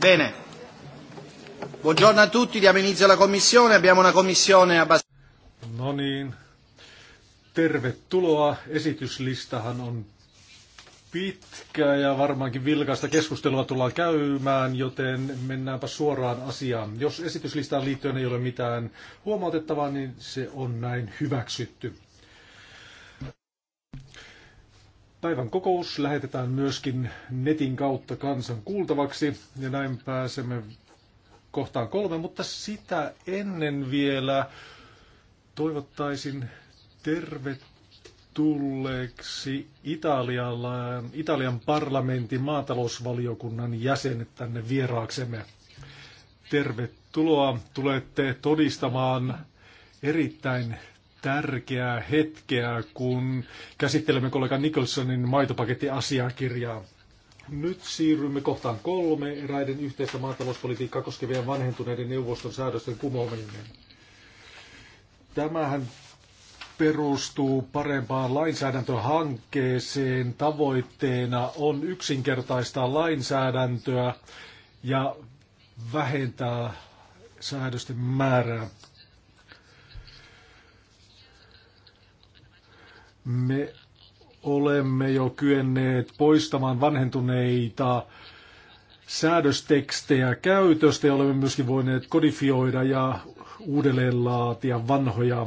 Bene. Buongiorno a tutti, diamo inizio alla commissione. Abbiamo una commissione abbastanza... No niin. Tervetuloa. Esityslistahan on pitkä ja varmaankin vilkaista keskustelua tullaan käymään, joten mennäänpä suoraan asiaan. Jos esityslistaan liittyen ei ole mitään huomautettavaa, niin se on näin hyväksytty. Päivän kokous lähetetään myöskin netin kautta kansan kuultavaksi ja näin pääsemme kohtaan kolme, mutta sitä ennen vielä toivottaisin tervetulleeksi Italian, Italian parlamentin maatalousvaliokunnan jäsenet tänne vieraaksemme. Tervetuloa, tulette todistamaan erittäin tärkeää hetkeä, kun käsittelemme kollega Nicholsonin maitopakettiasiakirjaa. Nyt siirrymme kohtaan kolme, eräiden yhteistä maatalouspolitiikkaa koskevien vanhentuneiden neuvoston säädösten kumoaminen. Tämähän perustuu parempaan lainsäädäntöhankkeeseen. Tavoitteena on yksinkertaistaa lainsäädäntöä ja vähentää säädösten määrää. Me olemme jo kyenneet poistamaan vanhentuneita säädöstekstejä käytöstä ja olemme myöskin voineet kodifioida ja uudelleen laatia vanhoja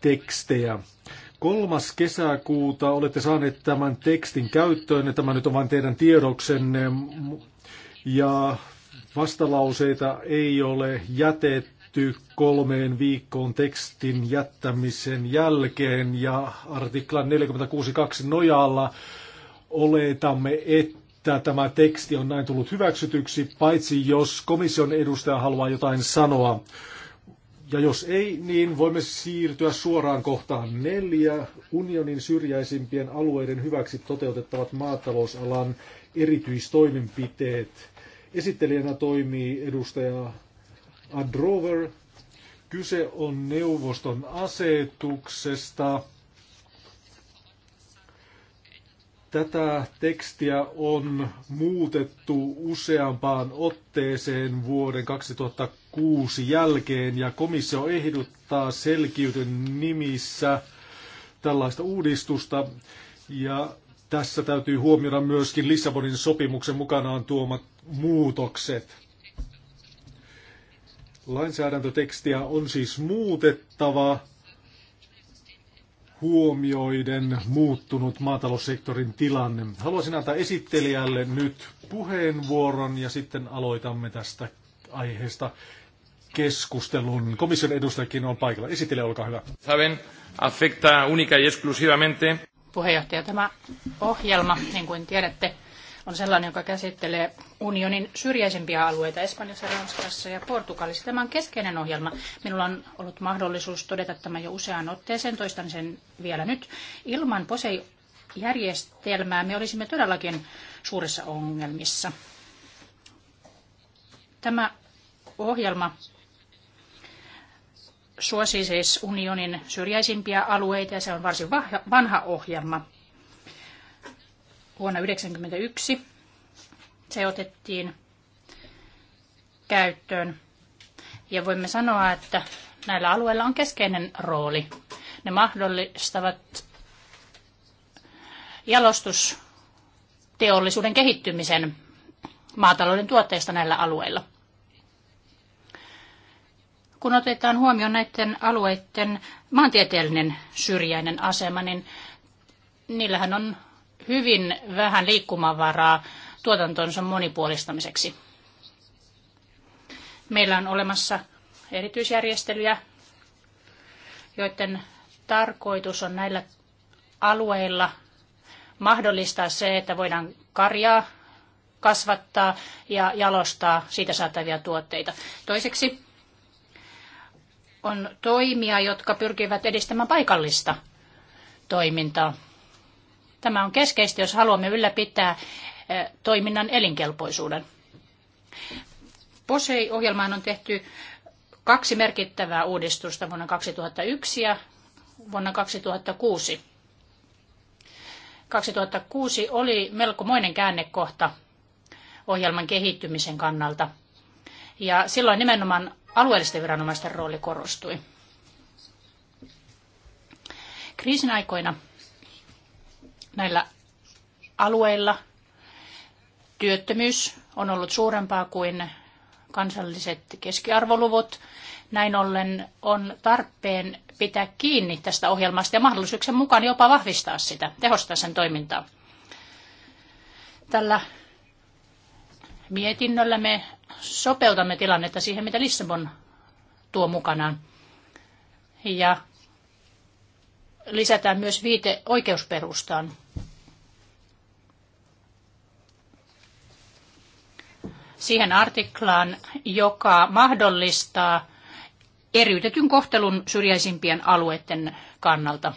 tekstejä. Kolmas kesäkuuta olette saaneet tämän tekstin käyttöön, ja tämä nyt on vain teidän tiedoksenne, ja vastalauseita ei ole jätetty tehty kolmeen viikkoon tekstin jättämisen jälkeen ja artiklan 46.2 nojalla oletamme, että tämä teksti on näin tullut hyväksytyksi, paitsi jos komission edustaja haluaa jotain sanoa. Ja jos ei, niin voimme siirtyä suoraan kohtaan neljä. Unionin syrjäisimpien alueiden hyväksi toteutettavat maatalousalan erityistoimenpiteet. Esittelijänä toimii edustaja Adrover Kyse on neuvoston asetuksesta. Tätä tekstiä on muutettu useampaan otteeseen vuoden 2006 jälkeen ja komissio ehdottaa selkiyden nimissä tällaista uudistusta ja tässä täytyy huomioida myöskin Lissabonin sopimuksen mukanaan tuomat muutokset. Lainsäädäntötekstiä on siis muutettava huomioiden muuttunut maataloussektorin tilanne. Haluaisin antaa esittelijälle nyt puheenvuoron ja sitten aloitamme tästä aiheesta keskustelun. Komission edustajakin on paikalla. Esittelijä, olkaa hyvä. Saben, afecta única y exclusivamente. Puheenjohtaja, tämä ohjelma, niin kuin tiedätte, on sellainen, joka käsittelee unionin syrjäisempiä alueita Espanjassa, Ranskassa ja Portugalissa. Tämä on keskeinen ohjelma. Minulla on ollut mahdollisuus todeta tämä jo useaan otteeseen, toistan sen vielä nyt. Ilman POSEI-järjestelmää me olisimme todellakin suurissa ongelmissa. Tämä ohjelma suosii siis unionin syrjäisimpiä alueita ja se on varsin vanha ohjelma vuonna 1991. Se otettiin käyttöön. Ja voimme sanoa, että näillä alueilla on keskeinen rooli. Ne mahdollistavat jalostusteollisuuden kehittymisen maatalouden tuotteista näillä alueilla. Kun otetaan huomioon näiden alueiden maantieteellinen syrjäinen asema, niin niillähän on hyvin vähän liikkumavaraa tuotantonsa monipuolistamiseksi. Meillä on olemassa erityisjärjestelyjä, joiden tarkoitus on näillä alueilla mahdollistaa se, että voidaan karjaa kasvattaa ja jalostaa siitä saatavia tuotteita. Toiseksi on toimia, jotka pyrkivät edistämään paikallista toimintaa. Tämä on keskeistä, jos haluamme ylläpitää eh, toiminnan elinkelpoisuuden. POSEI-ohjelmaan on tehty kaksi merkittävää uudistusta vuonna 2001 ja vuonna 2006. 2006 oli melkomoinen käännekohta ohjelman kehittymisen kannalta. Ja silloin nimenomaan alueellisten viranomaisten rooli korostui. Kriisin aikoina näillä alueilla työttömyys on ollut suurempaa kuin kansalliset keskiarvoluvut. Näin ollen on tarpeen pitää kiinni tästä ohjelmasta ja mahdollisuuksien mukaan jopa vahvistaa sitä, tehostaa sen toimintaa. Tällä mietinnöllä me sopeutamme tilannetta siihen, mitä Lissabon tuo mukanaan. Ja lisätään myös viite oikeusperustaan. Siihen artiklaan, joka mahdollistaa eriytetyn kohtelun syrjäisimpien alueiden kannalta.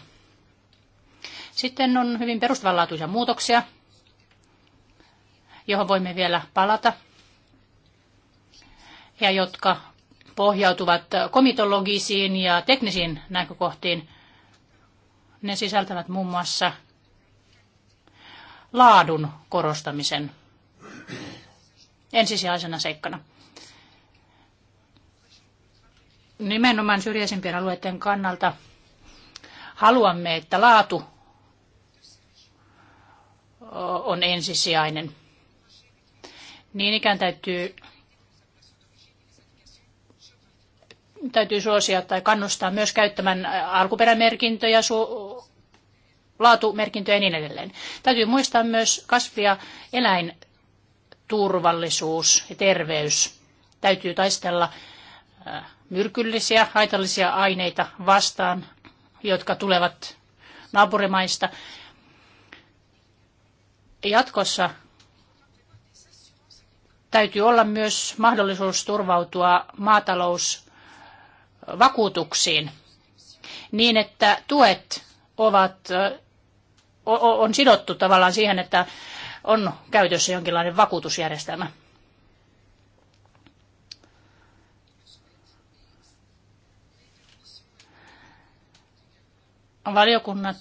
Sitten on hyvin perustavanlaatuisia muutoksia, johon voimme vielä palata, ja jotka pohjautuvat komitologisiin ja teknisiin näkökohtiin – ne sisältävät muun muassa laadun korostamisen ensisijaisena seikkana. Nimenomaan syrjäisimpien alueiden kannalta haluamme, että laatu on ensisijainen. Niin ikään täytyy täytyy suosia tai kannustaa myös käyttämään alkuperämerkintöjä, su- laatumerkintöjä ja niin edelleen. Täytyy muistaa myös kasvia, eläin eläinturvallisuus ja terveys. Täytyy taistella myrkyllisiä, haitallisia aineita vastaan, jotka tulevat naapurimaista. Jatkossa täytyy olla myös mahdollisuus turvautua maatalous vakuutuksiin niin, että tuet ovat, on sidottu tavallaan siihen, että on käytössä jonkinlainen vakuutusjärjestelmä. Valiokunnat,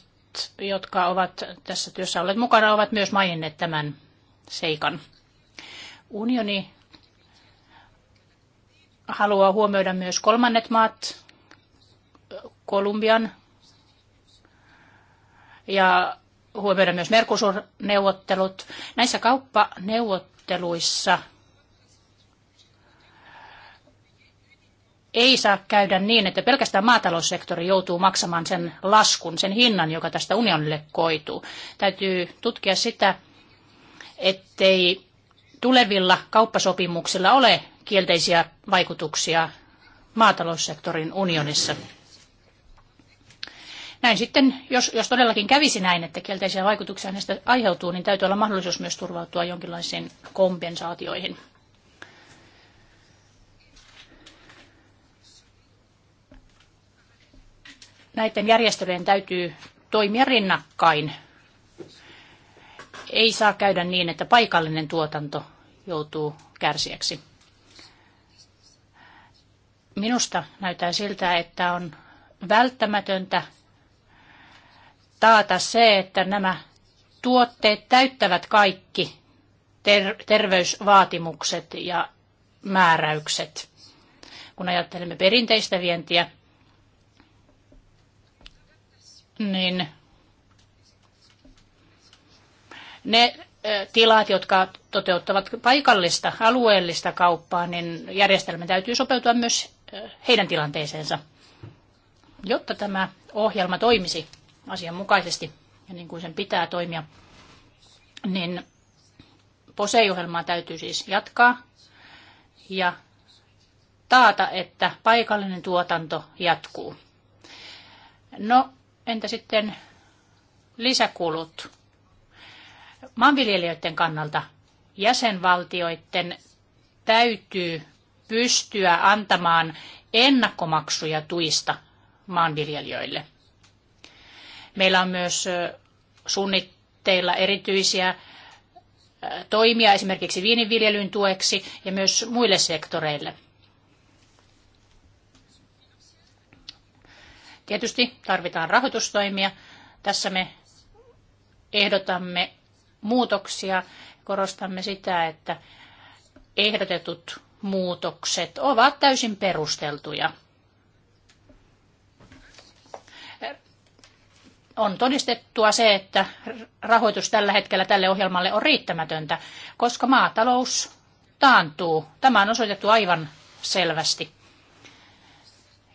jotka ovat tässä työssä olleet mukana, ovat myös maininneet tämän seikan. Unioni haluaa huomioida myös kolmannet maat, Kolumbian ja huomioida myös Mercosur-neuvottelut. Näissä kauppaneuvotteluissa ei saa käydä niin, että pelkästään maataloussektori joutuu maksamaan sen laskun, sen hinnan, joka tästä unionille koituu. Täytyy tutkia sitä, ettei tulevilla kauppasopimuksilla ole kielteisiä vaikutuksia maataloussektorin unionissa. Näin sitten, jos, jos todellakin kävisi näin, että kielteisiä vaikutuksia näistä aiheutuu, niin täytyy olla mahdollisuus myös turvautua jonkinlaisiin kompensaatioihin. Näiden järjestelyjen täytyy toimia rinnakkain. Ei saa käydä niin, että paikallinen tuotanto joutuu kärsiäksi. Minusta näyttää siltä, että on välttämätöntä taata se, että nämä tuotteet täyttävät kaikki ter- terveysvaatimukset ja määräykset. Kun ajattelemme perinteistä vientiä, niin ne tilat, jotka toteuttavat paikallista, alueellista kauppaa, niin järjestelmä täytyy sopeutua myös heidän tilanteeseensa, jotta tämä ohjelma toimisi asianmukaisesti ja niin kuin sen pitää toimia, niin POSEI-ohjelmaa täytyy siis jatkaa ja taata, että paikallinen tuotanto jatkuu. No, entä sitten lisäkulut? Maanviljelijöiden kannalta jäsenvaltioiden täytyy pystyä antamaan ennakkomaksuja tuista maanviljelijöille. Meillä on myös suunnitteilla erityisiä toimia esimerkiksi viininviljelyn tueksi ja myös muille sektoreille. Tietysti tarvitaan rahoitustoimia. Tässä me ehdotamme muutoksia korostamme sitä, että ehdotetut muutokset ovat täysin perusteltuja. On todistettua se, että rahoitus tällä hetkellä tälle ohjelmalle on riittämätöntä, koska maatalous taantuu. Tämä on osoitettu aivan selvästi.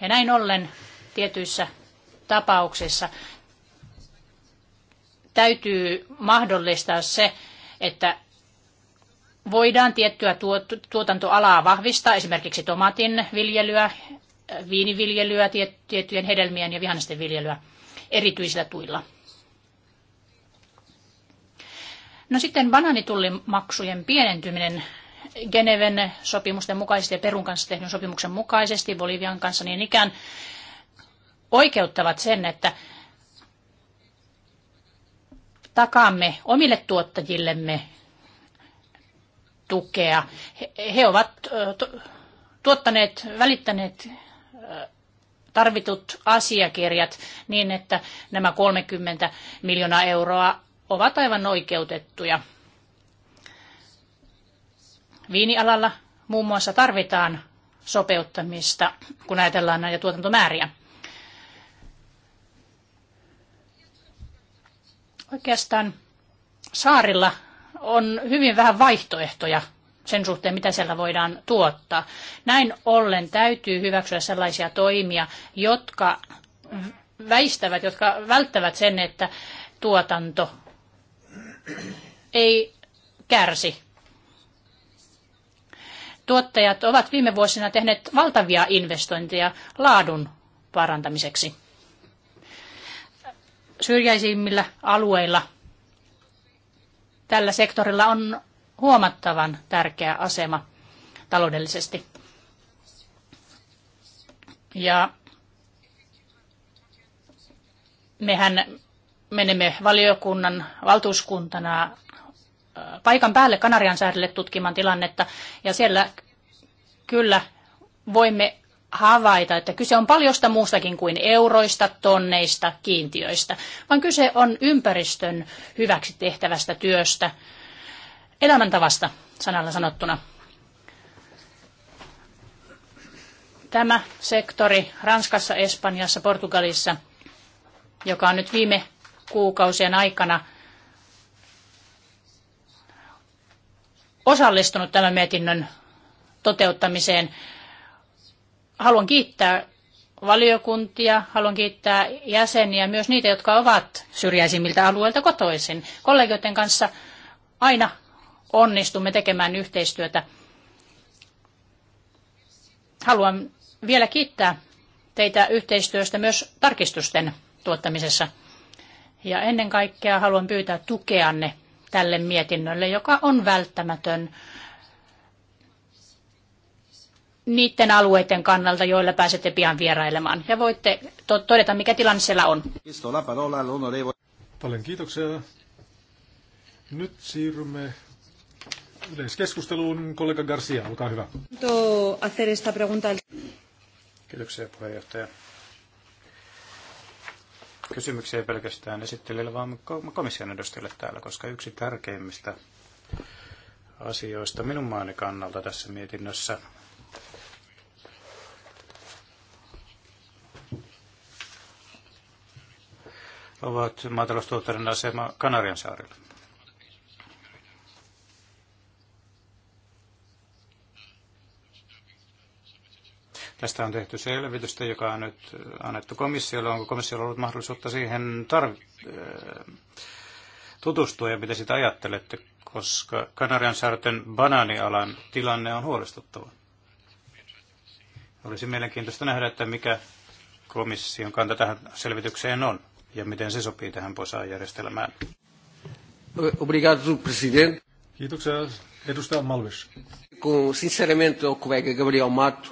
Ja näin ollen tietyissä tapauksissa täytyy mahdollistaa se, että voidaan tiettyä tuotantoalaa vahvistaa, esimerkiksi tomaatin viljelyä, äh, viiniviljelyä, tiettyjen hedelmien ja vihannesten viljelyä erityisillä tuilla. No sitten maksujen pienentyminen Geneven sopimusten mukaisesti ja Perun kanssa tehdyn sopimuksen mukaisesti Bolivian kanssa niin ikään oikeuttavat sen, että takaamme omille tuottajillemme tukea. He ovat tuottaneet, välittäneet tarvitut asiakirjat niin, että nämä 30 miljoonaa euroa ovat aivan oikeutettuja. Viinialalla muun muassa tarvitaan sopeuttamista, kun ajatellaan näitä tuotantomääriä. Oikeastaan saarilla on hyvin vähän vaihtoehtoja sen suhteen, mitä siellä voidaan tuottaa. Näin ollen täytyy hyväksyä sellaisia toimia, jotka väistävät, jotka välttävät sen, että tuotanto ei kärsi. Tuottajat ovat viime vuosina tehneet valtavia investointeja laadun parantamiseksi syrjäisimmillä alueilla tällä sektorilla on huomattavan tärkeä asema taloudellisesti. Ja mehän menemme valiokunnan valtuuskuntana äh, paikan päälle Kanarian saarelle tutkimaan tilannetta ja siellä kyllä voimme havaita, että kyse on paljosta muustakin kuin euroista, tonneista, kiintiöistä, vaan kyse on ympäristön hyväksi tehtävästä työstä, elämäntavasta sanalla sanottuna. Tämä sektori Ranskassa, Espanjassa, Portugalissa, joka on nyt viime kuukausien aikana osallistunut tämän mietinnön toteuttamiseen, haluan kiittää valiokuntia, haluan kiittää jäseniä, myös niitä, jotka ovat syrjäisimmiltä alueilta kotoisin. Kollegioiden kanssa aina onnistumme tekemään yhteistyötä. Haluan vielä kiittää teitä yhteistyöstä myös tarkistusten tuottamisessa. Ja ennen kaikkea haluan pyytää tukeanne tälle mietinnölle, joka on välttämätön niiden alueiden kannalta, joilla pääsette pian vierailemaan. Ja voitte to- todeta, mikä tilanne siellä on. Paljon kiitoksia. Nyt siirrymme yleiskeskusteluun. Kollega Garcia, olkaa hyvä. Kiitoksia puheenjohtaja. Kysymyksiä ei pelkästään esittelijälle, vaan komission edustajille täällä, koska yksi tärkeimmistä asioista minun maani kannalta tässä mietinnössä ovat maataloustuotteiden asema Kanarian saarilla. Tästä on tehty selvitystä, joka on nyt annettu komissiolle. Onko komissiolla ollut mahdollisuutta siihen tarv- äh, tutustua ja mitä sitä ajattelette, koska Kanarian saarten banaanialan tilanne on huolestuttava. Olisi mielenkiintoista nähdä, että mikä komission kanta tähän selvitykseen on ja miten se sopii tähän POSA-järjestelmään. Obrigado, presidente. Kiitoksia, edustaja Malvis. Sinceramente, kollega Gabriel Mato.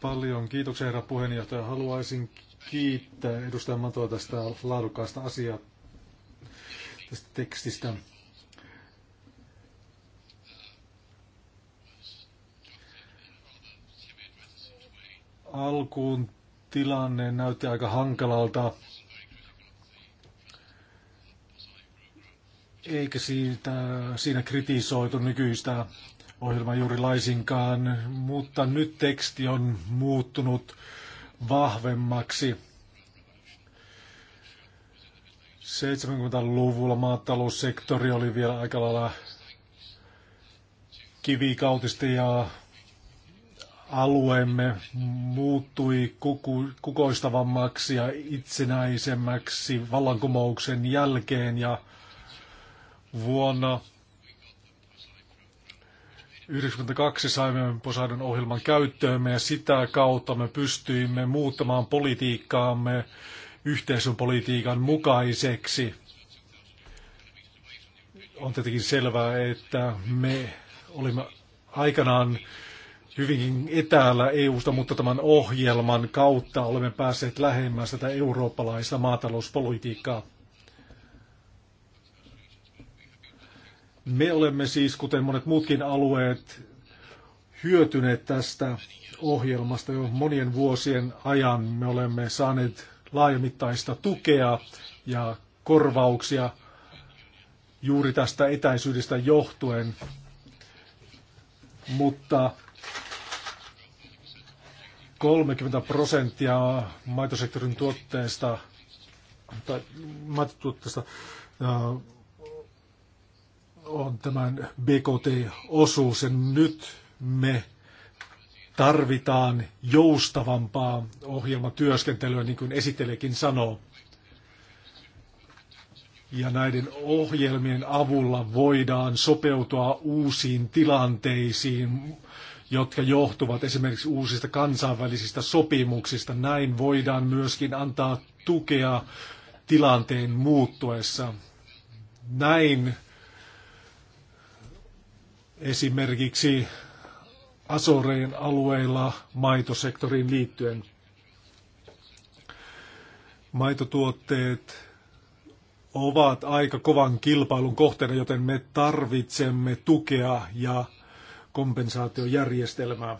Paljon kiitoksia, herra puheenjohtaja. Haluaisin kiittää edustaja Matoa tästä laadukkaasta asiaa tästä tekstistä. Alkuun tilanne näytti aika hankalalta. Eikä siitä, siinä kritisoitu nykyistä ohjelmaa juuri laisinkaan, mutta nyt teksti on muuttunut vahvemmaksi. 70-luvulla maataloussektori oli vielä aika lailla kivikautista ja alueemme muuttui kuku, kukoistavammaksi ja itsenäisemmäksi vallankumouksen jälkeen ja vuonna 1992 saimme Poseidon ohjelman käyttöömme ja sitä kautta me pystyimme muuttamaan politiikkaamme yhteisön politiikan mukaiseksi. On tietenkin selvää, että me olimme aikanaan hyvinkin etäällä EUsta, mutta tämän ohjelman kautta olemme päässeet lähemmäs tätä eurooppalaista maatalouspolitiikkaa. Me olemme siis, kuten monet muutkin alueet, hyötyneet tästä ohjelmasta jo monien vuosien ajan. Me olemme saaneet laajamittaista tukea ja korvauksia juuri tästä etäisyydestä johtuen. Mutta 30 prosenttia maitosektorin tuotteista tai maitotuotteesta on tämän BKT-osuus ja nyt me tarvitaan joustavampaa ohjelmatyöskentelyä, niin kuin esittelekin sanoo. Ja näiden ohjelmien avulla voidaan sopeutua uusiin tilanteisiin, jotka johtuvat esimerkiksi uusista kansainvälisistä sopimuksista. Näin voidaan myöskin antaa tukea tilanteen muuttuessa. Näin esimerkiksi Asoreen alueilla maitosektoriin liittyen. Maitotuotteet ovat aika kovan kilpailun kohteena, joten me tarvitsemme tukea ja kompensaatiojärjestelmää.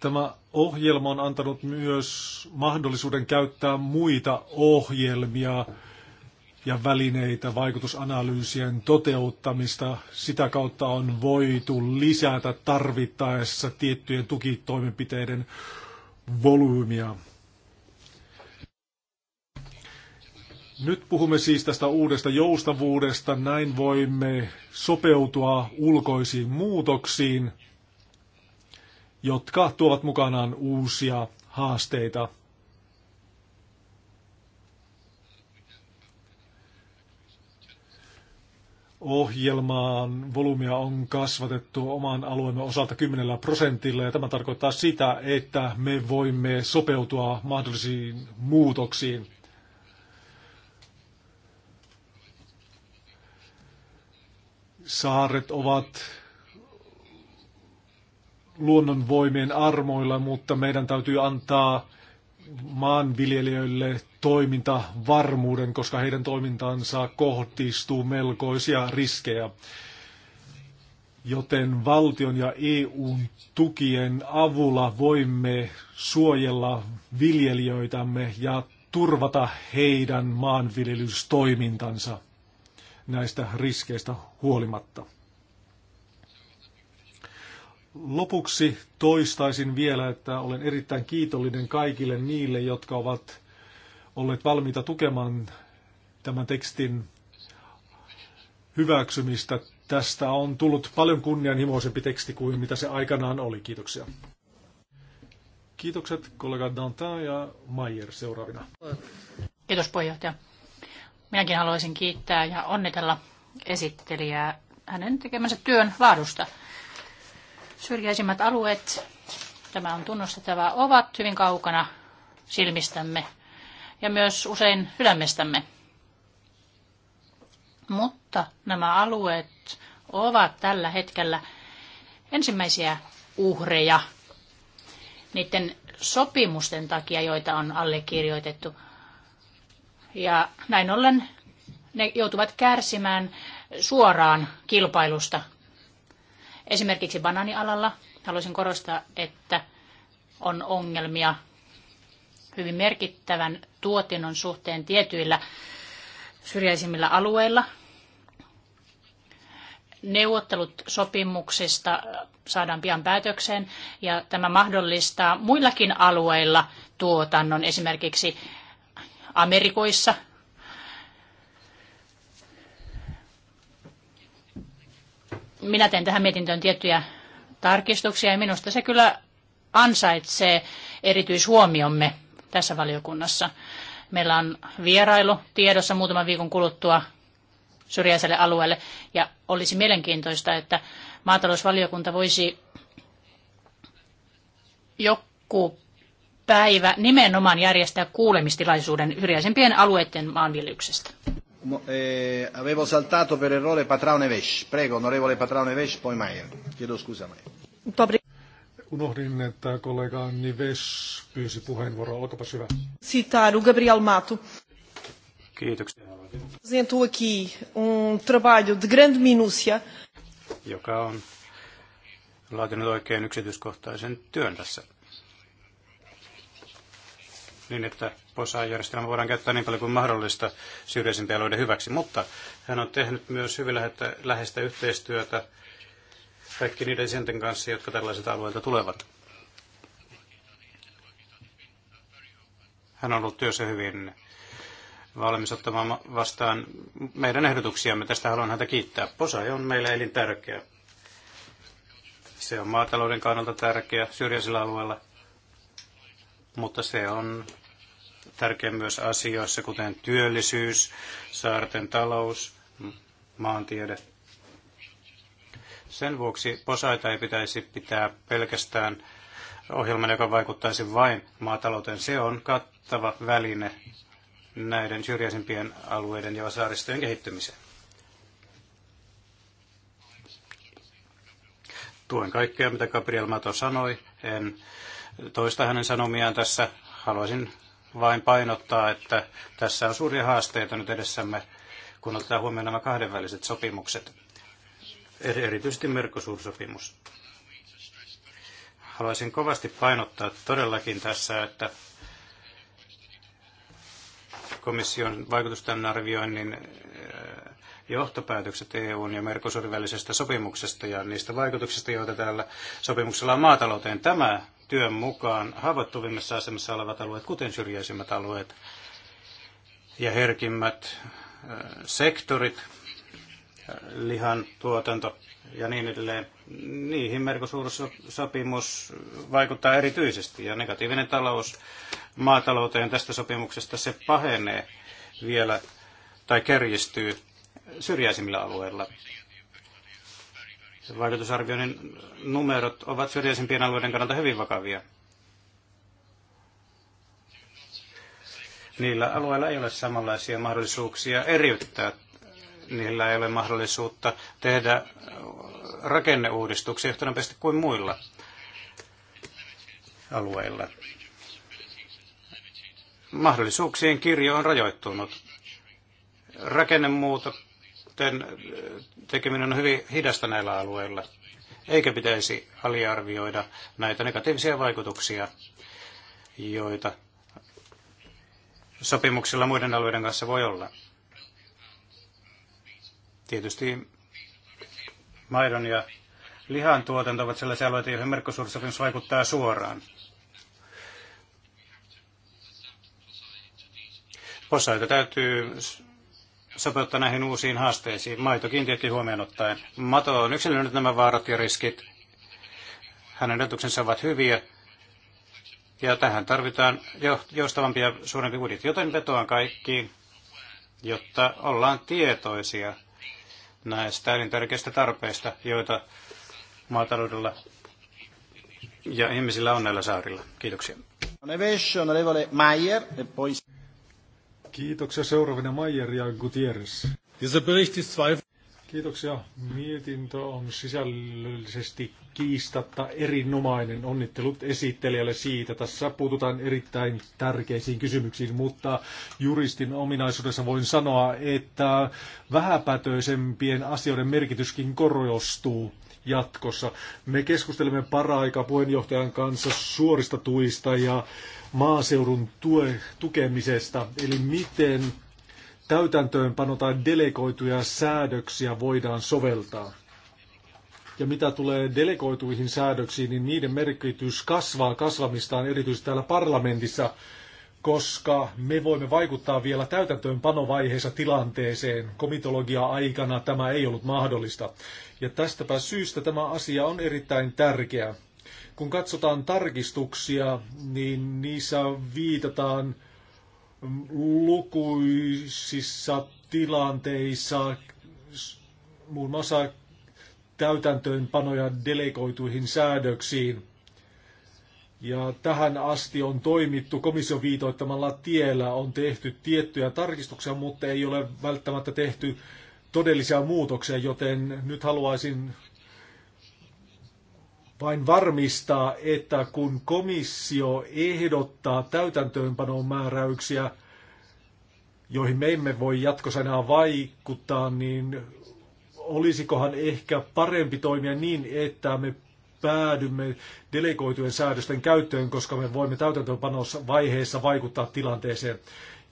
Tämä ohjelma on antanut myös mahdollisuuden käyttää muita ohjelmia ja välineitä vaikutusanalyysien toteuttamista. Sitä kautta on voitu lisätä tarvittaessa tiettyjen tukitoimenpiteiden volyymia. Nyt puhumme siis tästä uudesta joustavuudesta. Näin voimme sopeutua ulkoisiin muutoksiin, jotka tuovat mukanaan uusia haasteita. Ohjelmaan volyymia on kasvatettu oman alueemme osalta 10 prosentilla ja tämä tarkoittaa sitä, että me voimme sopeutua mahdollisiin muutoksiin. Saaret ovat luonnonvoimien armoilla, mutta meidän täytyy antaa maanviljelijöille toimintavarmuuden, koska heidän toimintansa kohdistuu melkoisia riskejä. Joten valtion ja EUn tukien avulla voimme suojella viljelijöitämme ja turvata heidän maanviljelystoimintansa näistä riskeistä huolimatta. Lopuksi toistaisin vielä, että olen erittäin kiitollinen kaikille niille, jotka ovat olleet valmiita tukemaan tämän tekstin hyväksymistä. Tästä on tullut paljon kunnianhimoisempi teksti kuin mitä se aikanaan oli. Kiitoksia. Kiitokset kollega Dantin ja Mayer seuraavina. Kiitos puheenjohtaja. Minäkin haluaisin kiittää ja onnitella esittelijää hänen tekemänsä työn laadusta. Syrjäisimmät alueet, tämä on tunnustettava, ovat hyvin kaukana silmistämme ja myös usein sydämestämme. Mutta nämä alueet ovat tällä hetkellä ensimmäisiä uhreja niiden sopimusten takia, joita on allekirjoitettu. Ja näin ollen ne joutuvat kärsimään suoraan kilpailusta. Esimerkiksi bananialalla haluaisin korostaa, että on ongelmia hyvin merkittävän tuotinnon suhteen tietyillä syrjäisimmillä alueilla. Neuvottelut sopimuksista saadaan pian päätökseen ja tämä mahdollistaa muillakin alueilla tuotannon, esimerkiksi Amerikoissa. Minä teen tähän mietintöön tiettyjä tarkistuksia ja minusta se kyllä ansaitsee erityishuomiomme tässä valiokunnassa. Meillä on vierailu tiedossa muutaman viikon kuluttua syrjäiselle alueelle ja olisi mielenkiintoista, että maatalousvaliokunta voisi joku päivä nimenomaan järjestää kuulemistilaisuuden hyrjäisempien alueiden maanviljelyksestä. Eh, avevo saltato per errore Patraoneves. Prego, onorevole Patraoneves, poi Maier. Chiedo scusa, Maier. Unohdin, että kollega Nives pyysi puheenvuoroa. Olkapa hyvä. Citaru Gabriel Matu. Kiitoksia. Apresentou aqui um trabalho de grande minúcia. Joka on laatinut oikein yksityiskohtaisen työn tässä niin, että POSA-järjestelmä voidaan käyttää niin paljon kuin mahdollista syrjäisimpien alueiden hyväksi. Mutta hän on tehnyt myös hyvin läheistä yhteistyötä kaikki niiden jäsenten kanssa, jotka tällaiset alueilta tulevat. Hän on ollut työssä hyvin valmis ottamaan vastaan meidän ehdotuksiamme. Tästä haluan häntä kiittää. POSA on meille elintärkeä. Se on maatalouden kannalta tärkeä syrjäisillä alueilla mutta se on tärkeä myös asioissa, kuten työllisyys, saarten talous, maantiede. Sen vuoksi posaita ei pitäisi pitää pelkästään ohjelman, joka vaikuttaisi vain maatalouteen. Se on kattava väline näiden syrjäisimpien alueiden ja saaristojen kehittymiseen. Tuen kaikkea, mitä Gabriel Mato sanoi. En toista hänen sanomiaan tässä. Haluaisin vain painottaa, että tässä on suuria haasteita nyt edessämme, kun otetaan huomioon nämä kahdenväliset sopimukset, erityisesti Merkosuursopimus. Haluaisin kovasti painottaa todellakin tässä, että komission vaikutusten arvioinnin äh, johtopäätökset EUn ja Mercosurin välisestä sopimuksesta ja niistä vaikutuksista, joita tällä sopimuksella on maatalouteen. Tämä työn mukaan haavoittuvimmassa asemassa olevat alueet, kuten syrjäisimmät alueet ja herkimmät sektorit, lihan tuotanto ja niin edelleen. Niihin Merkosuurussopimus vaikuttaa erityisesti ja negatiivinen talous maatalouteen tästä sopimuksesta se pahenee vielä tai kärjistyy syrjäisimmillä alueilla. Vaikutusarvioinnin numerot ovat syrjäisempien alueiden kannalta hyvin vakavia. Niillä alueilla ei ole samanlaisia mahdollisuuksia eriyttää. Niillä ei ole mahdollisuutta tehdä rakenneuudistuksia yhtä nopeasti kuin muilla alueilla. Mahdollisuuksien kirjo on rajoittunut. Rakennemuutos suhteen äh, tekeminen on hyvin hidasta näillä alueilla, eikä pitäisi aliarvioida näitä negatiivisia vaikutuksia, joita sopimuksilla muiden alueiden kanssa voi olla. Tietysti maidon ja lihan tuotanto ovat sellaisia alueita, joihin mercosur vaikuttaa suoraan. Posaita täytyy sopeuttaa näihin uusiin haasteisiin. Maitokin tietysti huomioon ottaen. Mato on yksilönyt nämä vaarat ja riskit. Hänen ehdotuksensa ovat hyviä. Ja tähän tarvitaan joustavampi ja suurempi budjetti, joten vetoan kaikkiin, jotta ollaan tietoisia näistä elintärkeistä tarpeista, joita maataloudella ja ihmisillä on näillä saarilla. Kiitoksia. Nevescio, Maier, e poi... Kiitoksia seuraavina Maier ja Gutierrez. Kiitoksia. Mietintö on sisällöllisesti kiistatta erinomainen. Onnittelut esittelijälle siitä. Tässä puututaan erittäin tärkeisiin kysymyksiin, mutta juristin ominaisuudessa voin sanoa, että vähäpätöisempien asioiden merkityskin korostuu jatkossa. Me keskustelemme paraikaa puheenjohtajan kanssa suorista tuista ja maaseudun tue, tukemisesta, eli miten täytäntöönpano tai delegoituja säädöksiä voidaan soveltaa. Ja mitä tulee delegoituihin säädöksiin, niin niiden merkitys kasvaa kasvamistaan erityisesti täällä parlamentissa, koska me voimme vaikuttaa vielä täytäntöönpanovaiheessa tilanteeseen. Komitologia-aikana tämä ei ollut mahdollista. Ja tästäpä syystä tämä asia on erittäin tärkeä. Kun katsotaan tarkistuksia, niin niissä viitataan lukuisissa tilanteissa muun muassa täytäntöönpanoja delegoituihin säädöksiin. Ja tähän asti on toimittu komission viitoittamalla tiellä, on tehty tiettyjä tarkistuksia, mutta ei ole välttämättä tehty todellisia muutoksia, joten nyt haluaisin vain varmistaa, että kun komissio ehdottaa täytäntöönpanon määräyksiä, joihin me emme voi jatkossa enää vaikuttaa, niin olisikohan ehkä parempi toimia niin, että me päädymme delegoitujen säädösten käyttöön, koska me voimme täytäntöönpanossa vaiheessa vaikuttaa tilanteeseen.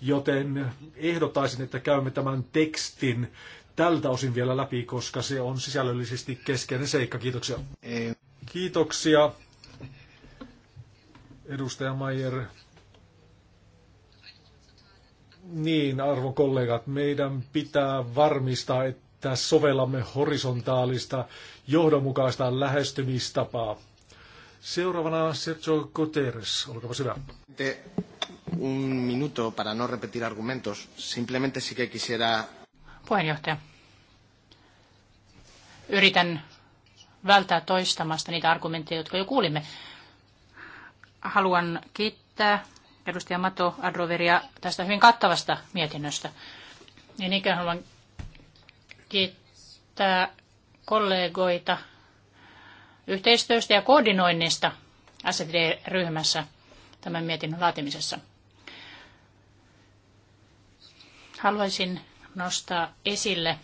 Joten ehdottaisin, että käymme tämän tekstin tältä osin vielä läpi, koska se on sisällöllisesti keskeinen seikka. Kiitoksia. Eh, Kiitoksia, edustaja Mayer. Niin, arvon kollegat, meidän pitää varmistaa, että sovellamme horisontaalista, johdonmukaista lähestymistapaa. Seuraavana Sergio Guterres, olkaa hyvä. Un minuto para no repetir argumentos. Simplemente sí que quisiera... Puheenjohtaja. Yritän välttää toistamasta niitä argumentteja, jotka jo kuulimme. Haluan kiittää edustaja Mato Adroveria tästä hyvin kattavasta mietinnöstä. Niin ikään haluan kiittää kollegoita yhteistyöstä ja koordinoinnista SFD-ryhmässä tämän mietinnön laatimisessa. Haluaisin nostaa esille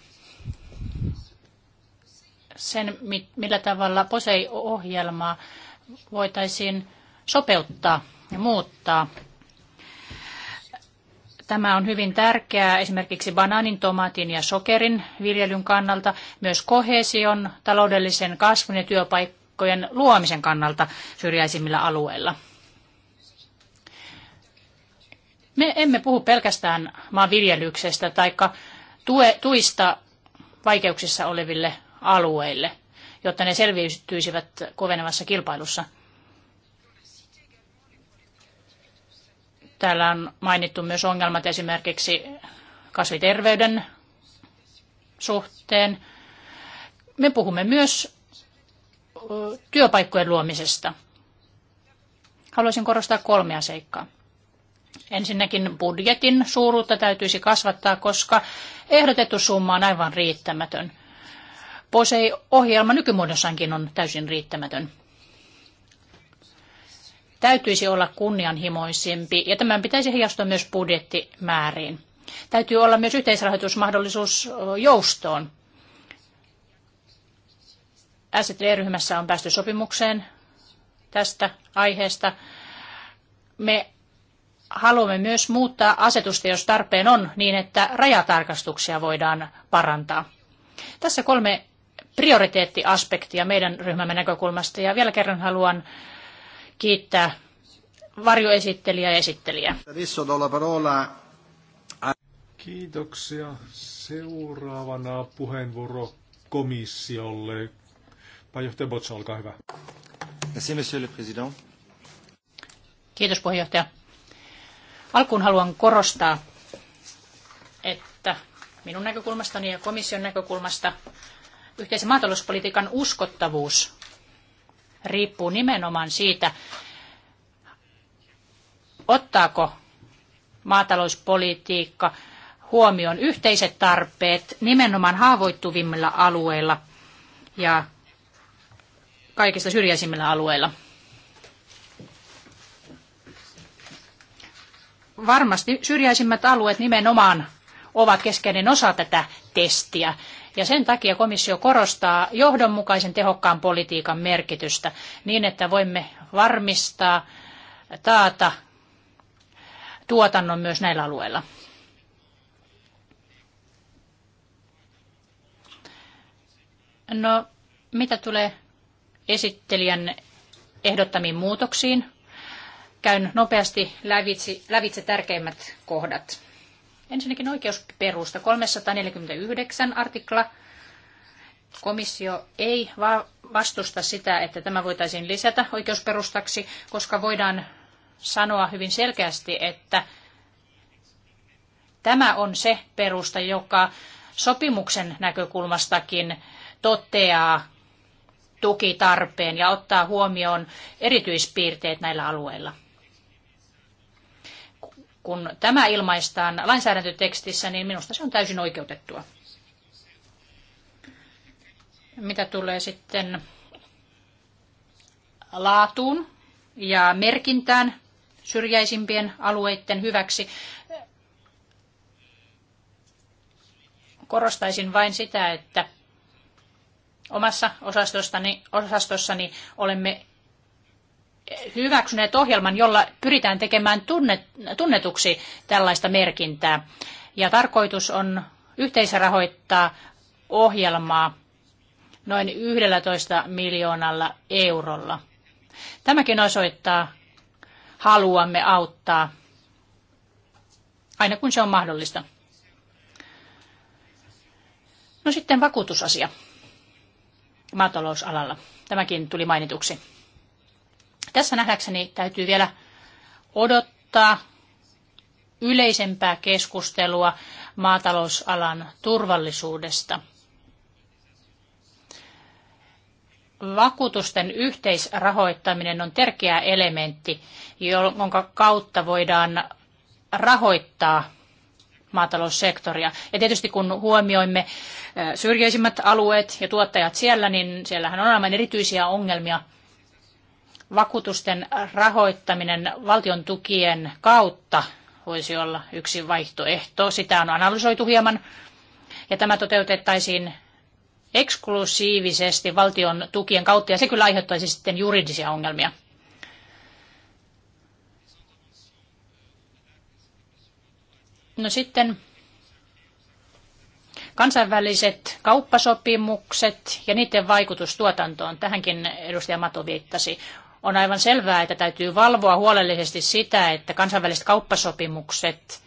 sen, millä tavalla POSEI-ohjelmaa voitaisiin sopeuttaa ja muuttaa. Tämä on hyvin tärkeää esimerkiksi banaanin, tomaatin ja sokerin viljelyn kannalta, myös kohesion, taloudellisen kasvun ja työpaikkojen luomisen kannalta syrjäisimmillä alueilla. Me emme puhu pelkästään maanviljelyksestä tai tuista vaikeuksissa oleville alueille, jotta ne selviytyisivät kovenevassa kilpailussa. Täällä on mainittu myös ongelmat esimerkiksi kasviterveyden suhteen. Me puhumme myös työpaikkojen luomisesta. Haluaisin korostaa kolmea seikkaa. Ensinnäkin budjetin suuruutta täytyisi kasvattaa, koska ehdotettu summa on aivan riittämätön. POSEI-ohjelma nykymuodossaankin on täysin riittämätön. Täytyisi olla kunnianhimoisempi ja tämän pitäisi heijastua myös budjettimääriin. Täytyy olla myös yhteisrahoitusmahdollisuus joustoon. ST-ryhmässä on päästy sopimukseen tästä aiheesta. Me haluamme myös muuttaa asetusta, jos tarpeen on, niin että rajatarkastuksia voidaan parantaa. Tässä kolme prioriteettiaspektia meidän ryhmämme näkökulmasta. Ja vielä kerran haluan kiittää varjoesittelijä ja esittelijä. Kiitoksia. Seuraavana puheenvuoro komissiolle. Pääjohtaja Botso, olkaa hyvä. Merci, monsieur le président. Kiitos puheenjohtaja. Alkuun haluan korostaa, että minun näkökulmastani ja komission näkökulmasta yhteisen maatalouspolitiikan uskottavuus riippuu nimenomaan siitä, ottaako maatalouspolitiikka huomioon yhteiset tarpeet nimenomaan haavoittuvimmilla alueilla ja kaikista syrjäisimmillä alueilla. Varmasti syrjäisimmät alueet nimenomaan ovat keskeinen osa tätä testiä. Ja sen takia komissio korostaa johdonmukaisen tehokkaan politiikan merkitystä niin, että voimme varmistaa, taata tuotannon myös näillä alueilla. No, mitä tulee esittelijän ehdottamiin muutoksiin? Käyn nopeasti lävitse, lävitse tärkeimmät kohdat. Ensinnäkin oikeusperusta 349 artikla. Komissio ei vastusta sitä, että tämä voitaisiin lisätä oikeusperustaksi, koska voidaan sanoa hyvin selkeästi, että tämä on se perusta, joka sopimuksen näkökulmastakin toteaa tukitarpeen ja ottaa huomioon erityispiirteet näillä alueilla kun tämä ilmaistaan lainsäädäntötekstissä, niin minusta se on täysin oikeutettua. Mitä tulee sitten laatuun ja merkintään syrjäisimpien alueiden hyväksi, korostaisin vain sitä, että omassa osastossani, osastossani olemme hyväksyneet ohjelman, jolla pyritään tekemään tunne, tunnetuksi tällaista merkintää. Ja tarkoitus on yhteisrahoittaa ohjelmaa noin 11 miljoonalla eurolla. Tämäkin osoittaa haluamme auttaa aina kun se on mahdollista. No sitten vakuutusasia maatalousalalla. Tämäkin tuli mainituksi. Tässä nähdäkseni täytyy vielä odottaa yleisempää keskustelua maatalousalan turvallisuudesta. Vakuutusten yhteisrahoittaminen on tärkeä elementti, jonka kautta voidaan rahoittaa maataloussektoria. Ja tietysti kun huomioimme äh, syrjäisimmät alueet ja tuottajat siellä, niin siellähän on aivan erityisiä ongelmia – vakuutusten rahoittaminen valtion tukien kautta voisi olla yksi vaihtoehto. Sitä on analysoitu hieman. Ja tämä toteutettaisiin eksklusiivisesti valtion tukien kautta, ja se kyllä aiheuttaisi sitten juridisia ongelmia. No sitten kansainväliset kauppasopimukset ja niiden vaikutus tuotantoon. Tähänkin edustaja Mato viittasi. On aivan selvää, että täytyy valvoa huolellisesti sitä, että kansainväliset kauppasopimukset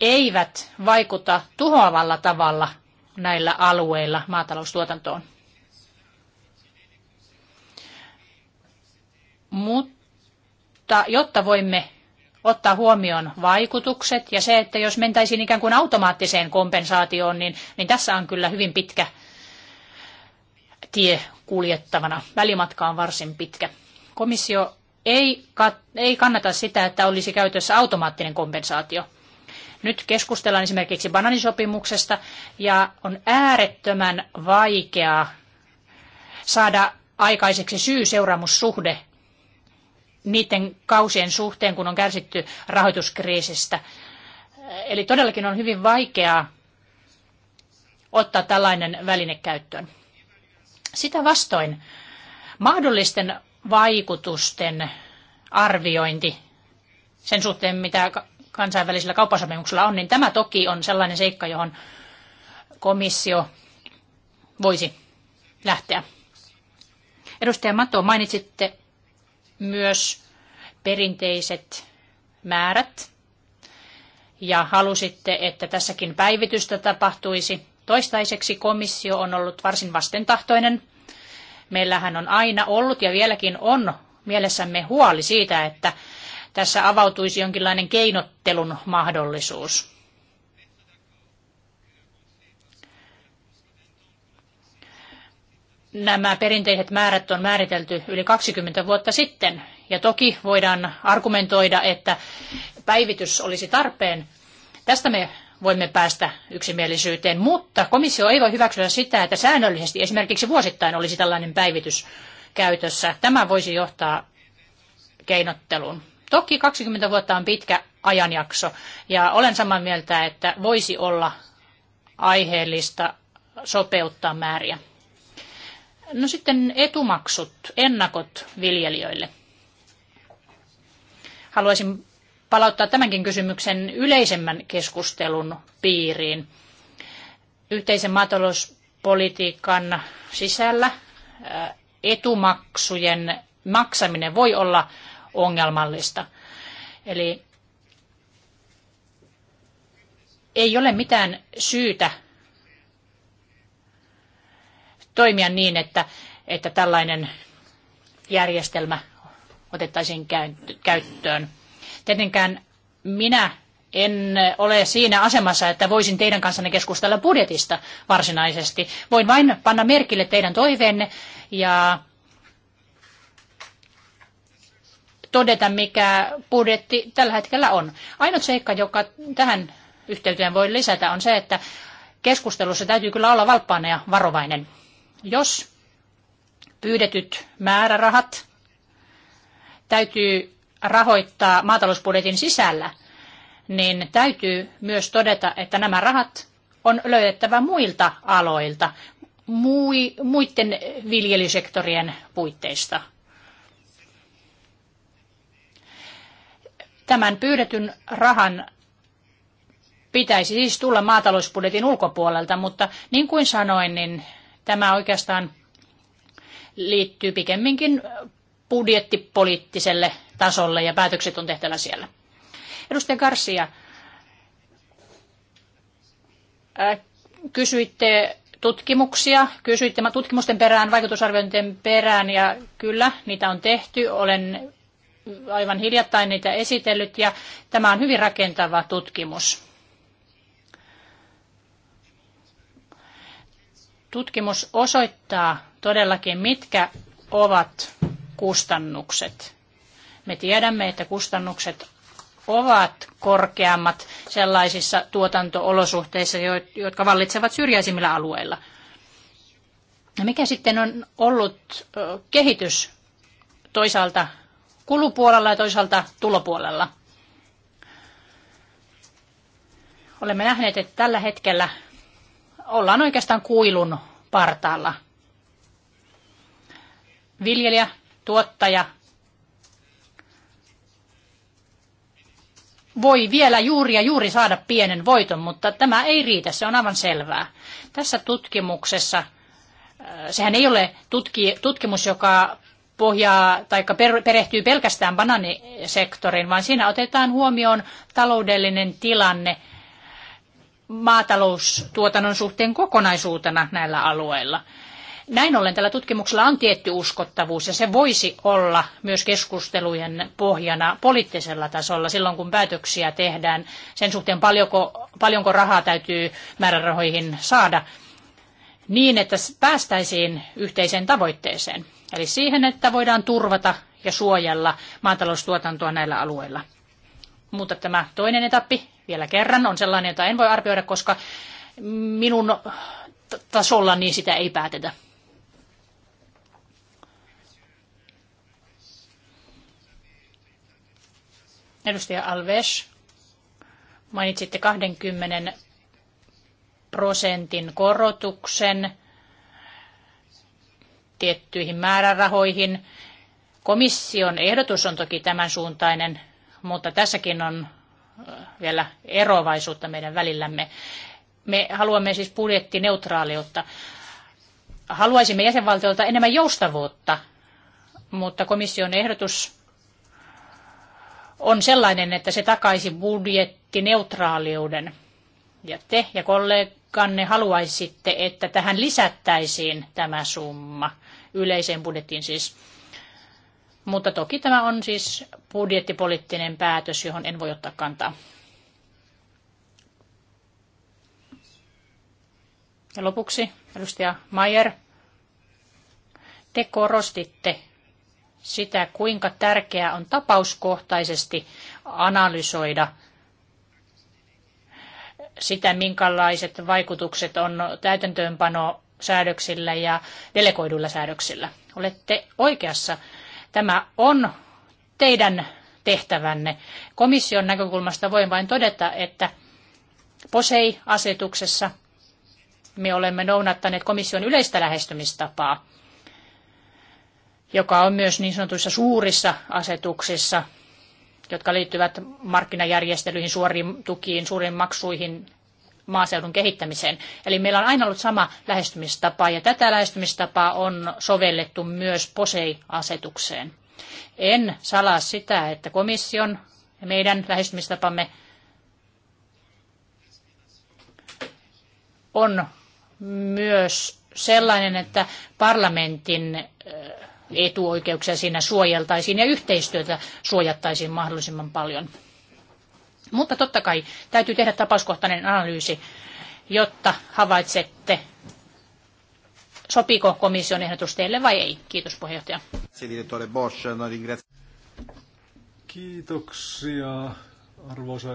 eivät vaikuta tuhoavalla tavalla näillä alueilla maataloustuotantoon. Mutta jotta voimme ottaa huomioon vaikutukset ja se, että jos mentäisiin ikään kuin automaattiseen kompensaatioon, niin, niin tässä on kyllä hyvin pitkä tie kuljettavana. Välimatka on varsin pitkä. Komissio ei, ei kannata sitä, että olisi käytössä automaattinen kompensaatio. Nyt keskustellaan esimerkiksi bananisopimuksesta ja on äärettömän vaikeaa saada aikaiseksi syy-seuraamussuhde niiden kausien suhteen, kun on kärsitty rahoituskriisistä. Eli todellakin on hyvin vaikeaa ottaa tällainen väline käyttöön. Sitä vastoin mahdollisten vaikutusten arviointi sen suhteen, mitä kansainvälisillä kauppasopimuksilla on, niin tämä toki on sellainen seikka, johon komissio voisi lähteä. Edustaja Mato, mainitsitte myös perinteiset määrät ja halusitte, että tässäkin päivitystä tapahtuisi. Toistaiseksi komissio on ollut varsin vastentahtoinen. Meillähän on aina ollut ja vieläkin on mielessämme huoli siitä, että tässä avautuisi jonkinlainen keinottelun mahdollisuus. Nämä perinteiset määrät on määritelty yli 20 vuotta sitten, ja toki voidaan argumentoida, että päivitys olisi tarpeen. Tästä me voimme päästä yksimielisyyteen, mutta komissio ei voi hyväksyä sitä, että säännöllisesti esimerkiksi vuosittain olisi tällainen päivitys käytössä. Tämä voisi johtaa keinotteluun. Toki 20 vuotta on pitkä ajanjakso ja olen samaa mieltä, että voisi olla aiheellista sopeuttaa määriä. No sitten etumaksut, ennakot viljelijöille. Haluaisin palauttaa tämänkin kysymyksen yleisemmän keskustelun piiriin. Yhteisen maatalouspolitiikan sisällä äh, etumaksujen maksaminen voi olla ongelmallista. Eli ei ole mitään syytä toimia niin, että, että tällainen järjestelmä otettaisiin käyttöön. Tietenkään minä en ole siinä asemassa, että voisin teidän kanssanne keskustella budjetista varsinaisesti. Voin vain panna merkille teidän toiveenne ja todeta, mikä budjetti tällä hetkellä on. Ainut seikka, joka tähän yhteyteen voi lisätä, on se, että keskustelussa täytyy kyllä olla valppaana ja varovainen. Jos pyydetyt määrärahat täytyy rahoittaa maatalousbudjetin sisällä, niin täytyy myös todeta, että nämä rahat on löydettävä muilta aloilta, muiden viljelysektorien puitteista. Tämän pyydetyn rahan pitäisi siis tulla maatalousbudjetin ulkopuolelta, mutta niin kuin sanoin, niin tämä oikeastaan liittyy pikemminkin budjettipoliittiselle tasolle ja päätökset on tehtävä siellä. Edustaja Garcia, äh, kysyitte tutkimuksia, kysyitte tutkimusten perään, vaikutusarviointien perään ja kyllä niitä on tehty. Olen aivan hiljattain niitä esitellyt ja tämä on hyvin rakentava tutkimus. Tutkimus osoittaa todellakin, mitkä ovat kustannukset me tiedämme, että kustannukset ovat korkeammat sellaisissa tuotantoolosuhteissa, jotka vallitsevat syrjäisimmillä alueilla. No mikä sitten on ollut kehitys toisaalta kulupuolella ja toisaalta tulopuolella? Olemme nähneet, että tällä hetkellä ollaan oikeastaan kuilun partaalla. Viljelijä, tuottaja voi vielä juuri ja juuri saada pienen voiton, mutta tämä ei riitä, se on aivan selvää. Tässä tutkimuksessa, äh, sehän ei ole tutki, tutkimus, joka pohjaa tai perehtyy pelkästään bananisektorin, vaan siinä otetaan huomioon taloudellinen tilanne maataloustuotannon suhteen kokonaisuutena näillä alueilla. Näin ollen tällä tutkimuksella on tietty uskottavuus ja se voisi olla myös keskustelujen pohjana poliittisella tasolla silloin, kun päätöksiä tehdään sen suhteen, paljonko, paljonko rahaa täytyy määrärahoihin saada niin, että päästäisiin yhteiseen tavoitteeseen. Eli siihen, että voidaan turvata ja suojella maataloustuotantoa näillä alueilla. Mutta tämä toinen etappi vielä kerran on sellainen, jota en voi arvioida, koska minun tasollani sitä ei päätetä. Edustaja Alves, mainitsitte 20 prosentin korotuksen tiettyihin määrärahoihin. Komission ehdotus on toki tämän suuntainen, mutta tässäkin on äh, vielä eroavaisuutta meidän välillämme. Me haluamme siis budjettineutraaliutta. Haluaisimme jäsenvaltiolta enemmän joustavuutta, mutta komission ehdotus on sellainen, että se takaisi budjettineutraaliuden. Ja te ja kolleganne haluaisitte, että tähän lisättäisiin tämä summa yleiseen budjettiin siis. Mutta toki tämä on siis budjettipoliittinen päätös, johon en voi ottaa kantaa. Ja lopuksi edustaja Mayer, te korostitte sitä, kuinka tärkeää on tapauskohtaisesti analysoida sitä, minkälaiset vaikutukset on täytäntöönpano säädöksillä ja delegoiduilla säädöksillä. Olette oikeassa. Tämä on teidän tehtävänne. Komission näkökulmasta voin vain todeta, että POSEI-asetuksessa me olemme noudattaneet komission yleistä lähestymistapaa – joka on myös niin sanotuissa suurissa asetuksissa, jotka liittyvät markkinajärjestelyihin, suoriin tukiin, suuriin maksuihin, maaseudun kehittämiseen. Eli meillä on aina ollut sama lähestymistapa, ja tätä lähestymistapaa on sovellettu myös POSEI-asetukseen. En salaa sitä, että komission ja meidän lähestymistapamme on myös sellainen, että parlamentin etuoikeuksia siinä suojeltaisiin ja yhteistyötä suojattaisiin mahdollisimman paljon. Mutta totta kai täytyy tehdä tapauskohtainen analyysi, jotta havaitsette, sopiiko komission ehdotus teille vai ei. Kiitos puheenjohtaja. No, Kiitoksia arvoisa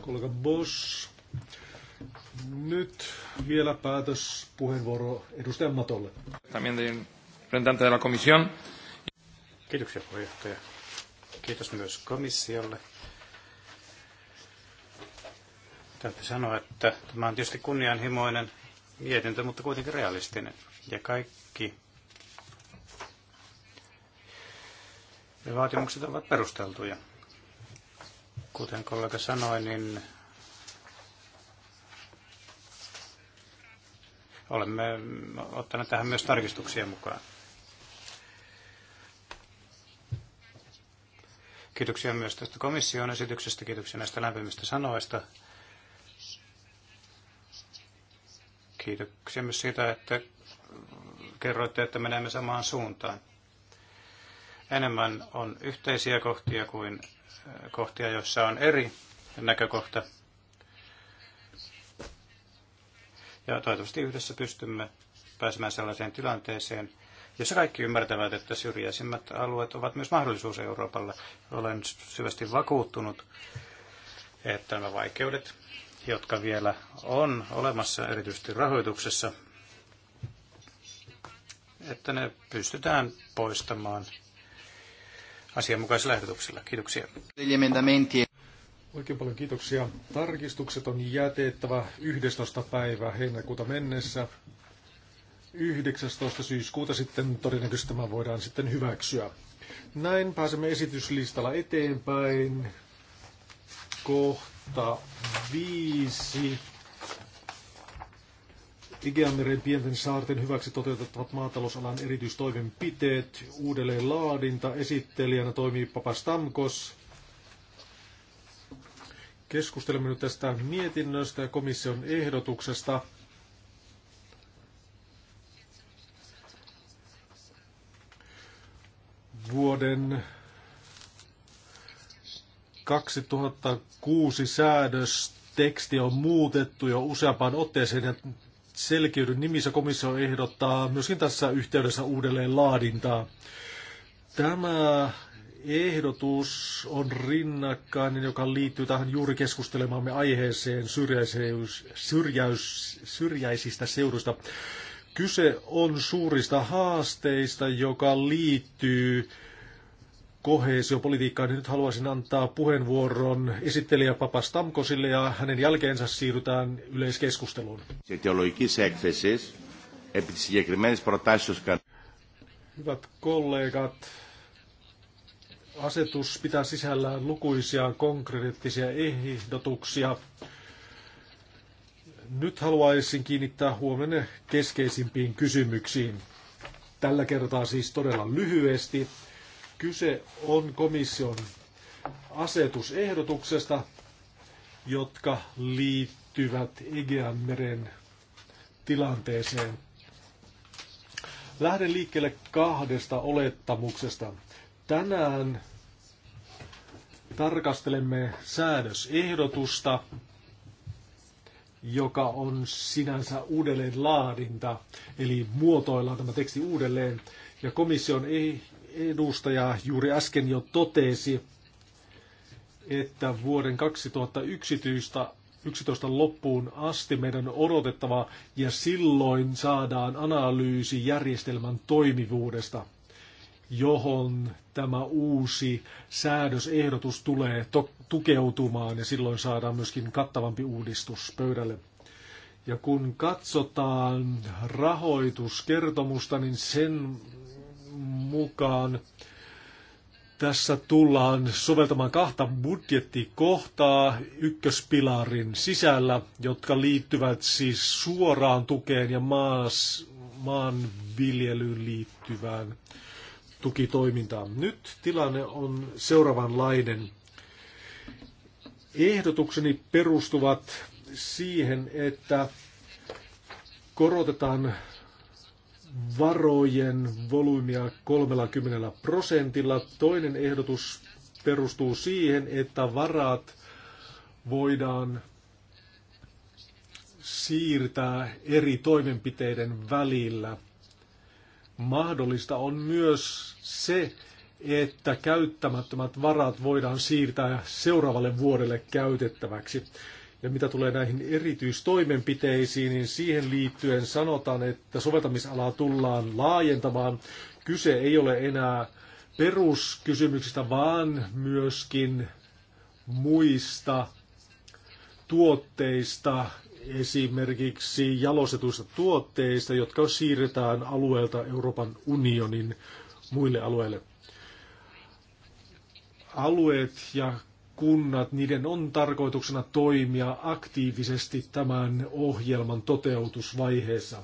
kollega Bosch. Nyt vielä päätös puheenvuoro edustaja Matolle. También representante de la Comisión. Kiitoksia puheenjohtaja. Kiitos myös komissiolle. Täytyy sanoa, että tämä on tietysti kunnianhimoinen mietintö, mutta kuitenkin realistinen. Ja kaikki vaatimukset ovat perusteltuja. Kuten kollega sanoi, niin olemme ottaneet tähän myös tarkistuksia mukaan. Kiitoksia myös tästä komission esityksestä, kiitoksia näistä lämpimistä sanoista. Kiitoksia myös siitä, että kerroitte, että menemme samaan suuntaan. Enemmän on yhteisiä kohtia kuin äh, kohtia, joissa on eri näkökohta. Ja toivottavasti yhdessä pystymme pääsemään sellaiseen tilanteeseen, jossa kaikki ymmärtävät, että syrjäisimmät alueet ovat myös mahdollisuus Euroopalle. Olen syvästi vakuuttunut, että nämä vaikeudet, jotka vielä on olemassa erityisesti rahoituksessa, että ne pystytään poistamaan asianmukaisilla ehdotuksilla. Kiitoksia. Oikein paljon kiitoksia. Tarkistukset on jätettävä 11. päivä heinäkuuta mennessä 19. syyskuuta sitten todennäköisesti tämä voidaan sitten hyväksyä. Näin pääsemme esityslistalla eteenpäin. Kohta viisi. Igeanmeren pienten saarten hyväksi toteutettavat maatalousalan erityistoimenpiteet, uudelleen laadinta, esittelijänä toimii Papa Stamkos. Keskustelemme nyt tästä mietinnöstä ja komission ehdotuksesta. vuoden 2006 säädösteksti on muutettu jo useampaan otteeseen ja selkeyden nimissä komissio ehdottaa myöskin tässä yhteydessä uudelleen laadintaa. Tämä ehdotus on rinnakkainen, joka liittyy tähän juuri keskustelemaamme aiheeseen syrjäisyys, syrjäys, syrjäisistä seuduista. Kyse on suurista haasteista, joka liittyy koheesiopolitiikkaan. Nyt haluaisin antaa puheenvuoron esittelijä Papa Stamkosille ja hänen jälkeensä siirrytään yleiskeskusteluun. Hyvät kollegat, asetus pitää sisällään lukuisia konkreettisia ehdotuksia nyt haluaisin kiinnittää huomenna keskeisimpiin kysymyksiin. Tällä kertaa siis todella lyhyesti. Kyse on komission asetusehdotuksesta, jotka liittyvät Egeanmeren tilanteeseen. Lähden liikkeelle kahdesta olettamuksesta. Tänään tarkastelemme säädösehdotusta, joka on sinänsä uudelleen laadinta, eli muotoillaan tämä teksti uudelleen. Ja komission e- edustaja juuri äsken jo totesi, että vuoden 2011 11 loppuun asti meidän on odotettava ja silloin saadaan analyysi järjestelmän toimivuudesta, johon tämä uusi säädösehdotus tulee Tok- tukeutumaan ja silloin saadaan myöskin kattavampi uudistus pöydälle. Ja kun katsotaan rahoituskertomusta, niin sen mukaan tässä tullaan soveltamaan kahta budjettikohtaa ykköspilarin sisällä, jotka liittyvät siis suoraan tukeen ja maas, maanviljelyyn liittyvään tukitoimintaan. Nyt tilanne on seuraavanlainen. Ehdotukseni perustuvat siihen, että korotetaan varojen volyymia 30 prosentilla. Toinen ehdotus perustuu siihen, että varat voidaan siirtää eri toimenpiteiden välillä. Mahdollista on myös se, että käyttämättömät varat voidaan siirtää seuraavalle vuodelle käytettäväksi. Ja mitä tulee näihin erityistoimenpiteisiin, niin siihen liittyen sanotaan, että soveltamisalaa tullaan laajentamaan. Kyse ei ole enää peruskysymyksistä, vaan myöskin muista tuotteista, esimerkiksi jalostetuista tuotteista, jotka siirretään alueelta Euroopan unionin muille alueille alueet ja kunnat, niiden on tarkoituksena toimia aktiivisesti tämän ohjelman toteutusvaiheessa.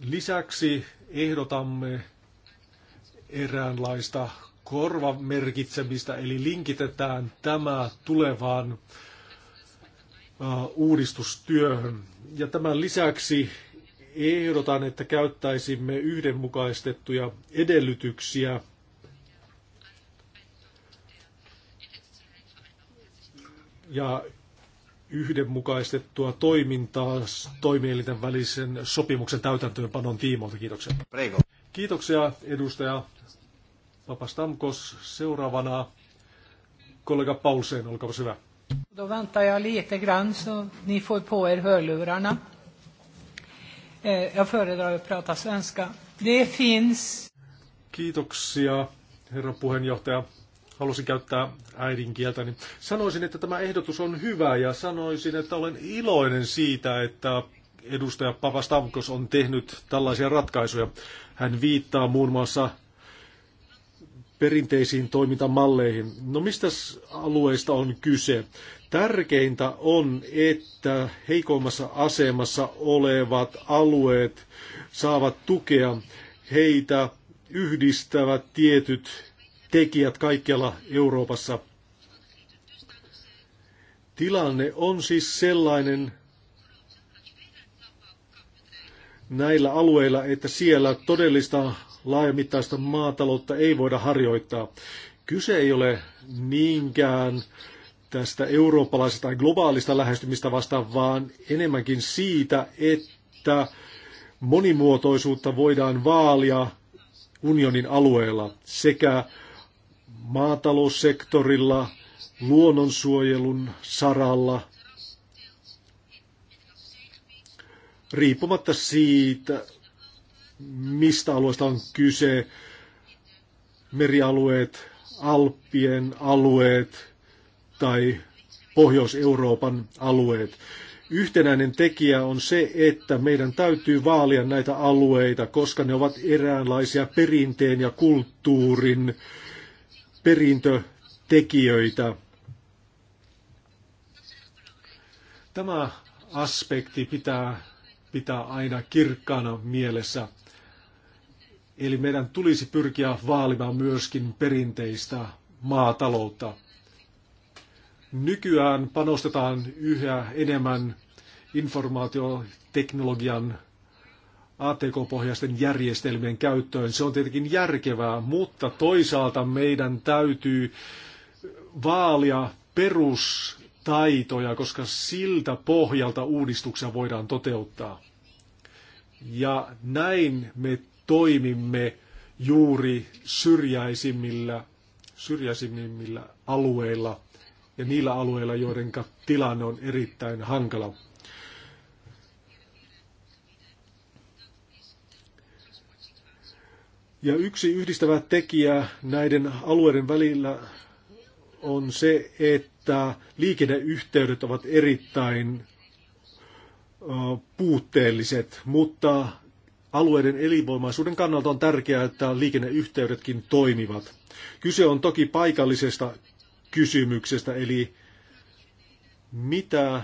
Lisäksi ehdotamme eräänlaista korvamerkitsemistä, eli linkitetään tämä tulevaan uudistustyöhön. Ja tämän lisäksi ehdotan, että käyttäisimme yhdenmukaistettuja edellytyksiä ja yhdenmukaistettua toimintaa toimielinten välisen sopimuksen täytäntöönpanon tiimoilta. Kiitoksia. Prego. Kiitoksia edustaja Papastamkos. Seuraavana kollega Paulsen, olkaa hyvä. Då väntar jag lite grann så ni får på er hörlurarna. Eh, jag föredrar att prata svenska. Det finns... Kiitoksia, herra puheenjohtaja. Halusin käyttää äidinkieltäni. sanoisin, että tämä ehdotus on hyvä ja sanoisin, että olen iloinen siitä, että edustaja Papastamkos on tehnyt tällaisia ratkaisuja. Hän viittaa muun muassa perinteisiin toimintamalleihin. No mistä alueista on kyse? Tärkeintä on, että heikoimmassa asemassa olevat alueet saavat tukea. Heitä yhdistävät tietyt tekijät kaikkialla Euroopassa. Tilanne on siis sellainen näillä alueilla, että siellä todellista laajamittaista maataloutta ei voida harjoittaa. Kyse ei ole niinkään äh, tästä eurooppalaisesta tai globaalista lähestymistä vastaan, vaan enemmänkin siitä, että monimuotoisuutta voidaan vaalia unionin alueella sekä maataloussektorilla, luonnonsuojelun saralla, riippumatta siitä, mistä alueesta on kyse, merialueet, Alppien alueet, tai Pohjois-Euroopan alueet. Yhtenäinen tekijä on se, että meidän täytyy vaalia näitä alueita, koska ne ovat eräänlaisia perinteen ja kulttuurin perintötekijöitä. Tämä aspekti pitää pitää aina kirkkaana mielessä. Eli meidän tulisi pyrkiä vaalimaan myöskin perinteistä maataloutta. Nykyään panostetaan yhä enemmän informaatioteknologian ATK-pohjaisten järjestelmien käyttöön. Se on tietenkin järkevää, mutta toisaalta meidän täytyy vaalia perustaitoja, koska siltä pohjalta uudistuksia voidaan toteuttaa. Ja näin me toimimme juuri syrjäisimmillä, syrjäisimmillä alueilla – ja niillä alueilla, joiden tilanne on erittäin hankala. Ja yksi yhdistävä tekijä näiden alueiden välillä on se, että liikenneyhteydet ovat erittäin puutteelliset, mutta alueiden elinvoimaisuuden kannalta on tärkeää, että liikenneyhteydetkin toimivat. Kyse on toki paikallisesta kysymyksestä, eli mitä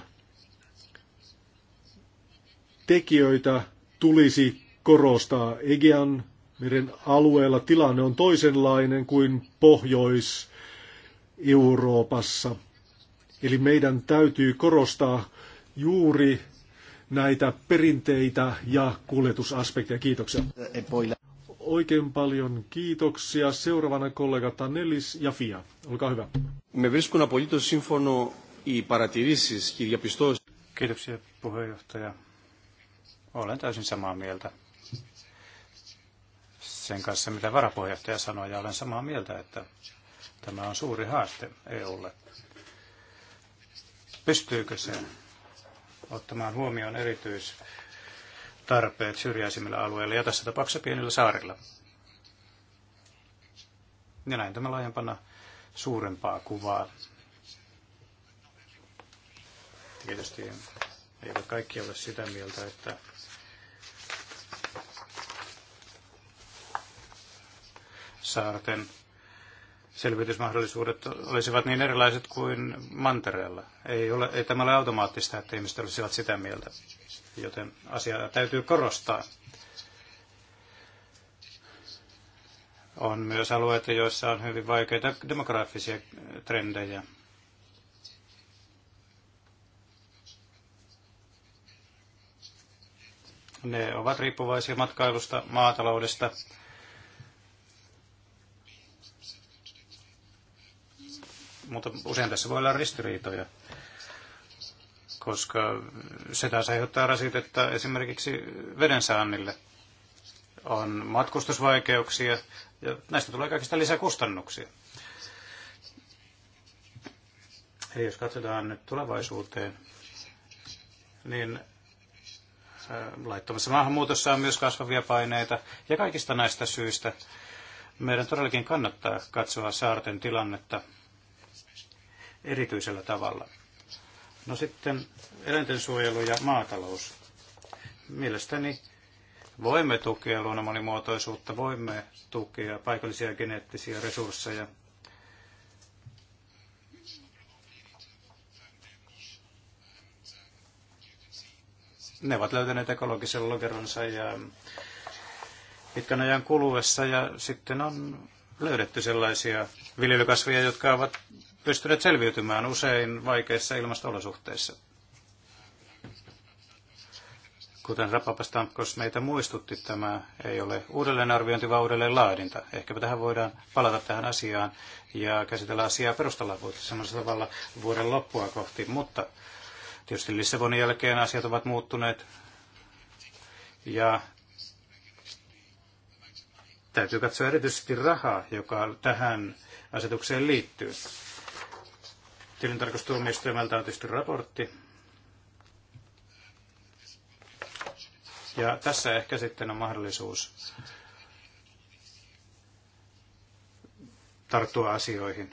tekijöitä tulisi korostaa. Egean meren alueella tilanne on toisenlainen kuin Pohjois-Euroopassa. Eli meidän täytyy korostaa juuri näitä perinteitä ja kuljetusaspekteja. Kiitoksia. Oikein paljon kiitoksia. Seuraavana kollega Tanelis ja Fia. Olkaa hyvä. Me vriskun apollitos sinfono i paratirisis, kirja pistos. Kiitoksia puheenjohtaja. Olen täysin samaa mieltä sen kanssa, mitä varapuheenjohtaja sanoi, ja olen samaa mieltä, että tämä on suuri haaste EUlle. Pystyykö se ottamaan huomioon erityis tarpeet syrjäisimmillä alueilla ja tässä tapauksessa pienillä saarilla. Ja näin tämä laajempana suurempaa kuvaa. Tietysti eivät kaikki ole sitä mieltä, että saarten selvitysmahdollisuudet olisivat niin erilaiset kuin mantereella. Ei, ole, ei tämä ole automaattista, että ihmiset olisivat sitä mieltä joten asiaa täytyy korostaa. On myös alueita, joissa on hyvin vaikeita demografisia trendejä. Ne ovat riippuvaisia matkailusta, maataloudesta. Mutta usein tässä voi olla ristiriitoja koska se taas aiheuttaa rasitetta esimerkiksi vedensaannille. On matkustusvaikeuksia ja näistä tulee kaikista lisäkustannuksia. Eli jos katsotaan nyt tulevaisuuteen, niin äh, laittomassa maahanmuutossa on myös kasvavia paineita ja kaikista näistä syistä meidän todellakin kannattaa katsoa saarten tilannetta erityisellä tavalla. No sitten eläintensuojelu ja maatalous. Mielestäni voimme tukea luonnon monimuotoisuutta, voimme tukea paikallisia geneettisiä resursseja. Ne ovat löytäneet ekologisen lokeronsa ja pitkän ajan kuluessa ja sitten on löydetty sellaisia viljelykasveja, jotka ovat pystyneet selviytymään usein vaikeissa ilmasto-olosuhteissa. Kuten Rapapastamkos meitä muistutti, tämä ei ole uudelleenarviointi, vaan uudelleen laadinta. Ehkäpä tähän voidaan palata tähän asiaan ja käsitellä asiaa perustalla samalla tavalla vuoden loppua kohti. Mutta tietysti Lissabonin jälkeen asiat ovat muuttuneet ja täytyy katsoa erityisesti rahaa, joka tähän asetukseen liittyy. Tilintarkastustuomioistuimelta on tietysti raportti. Ja tässä ehkä sitten on mahdollisuus tarttua asioihin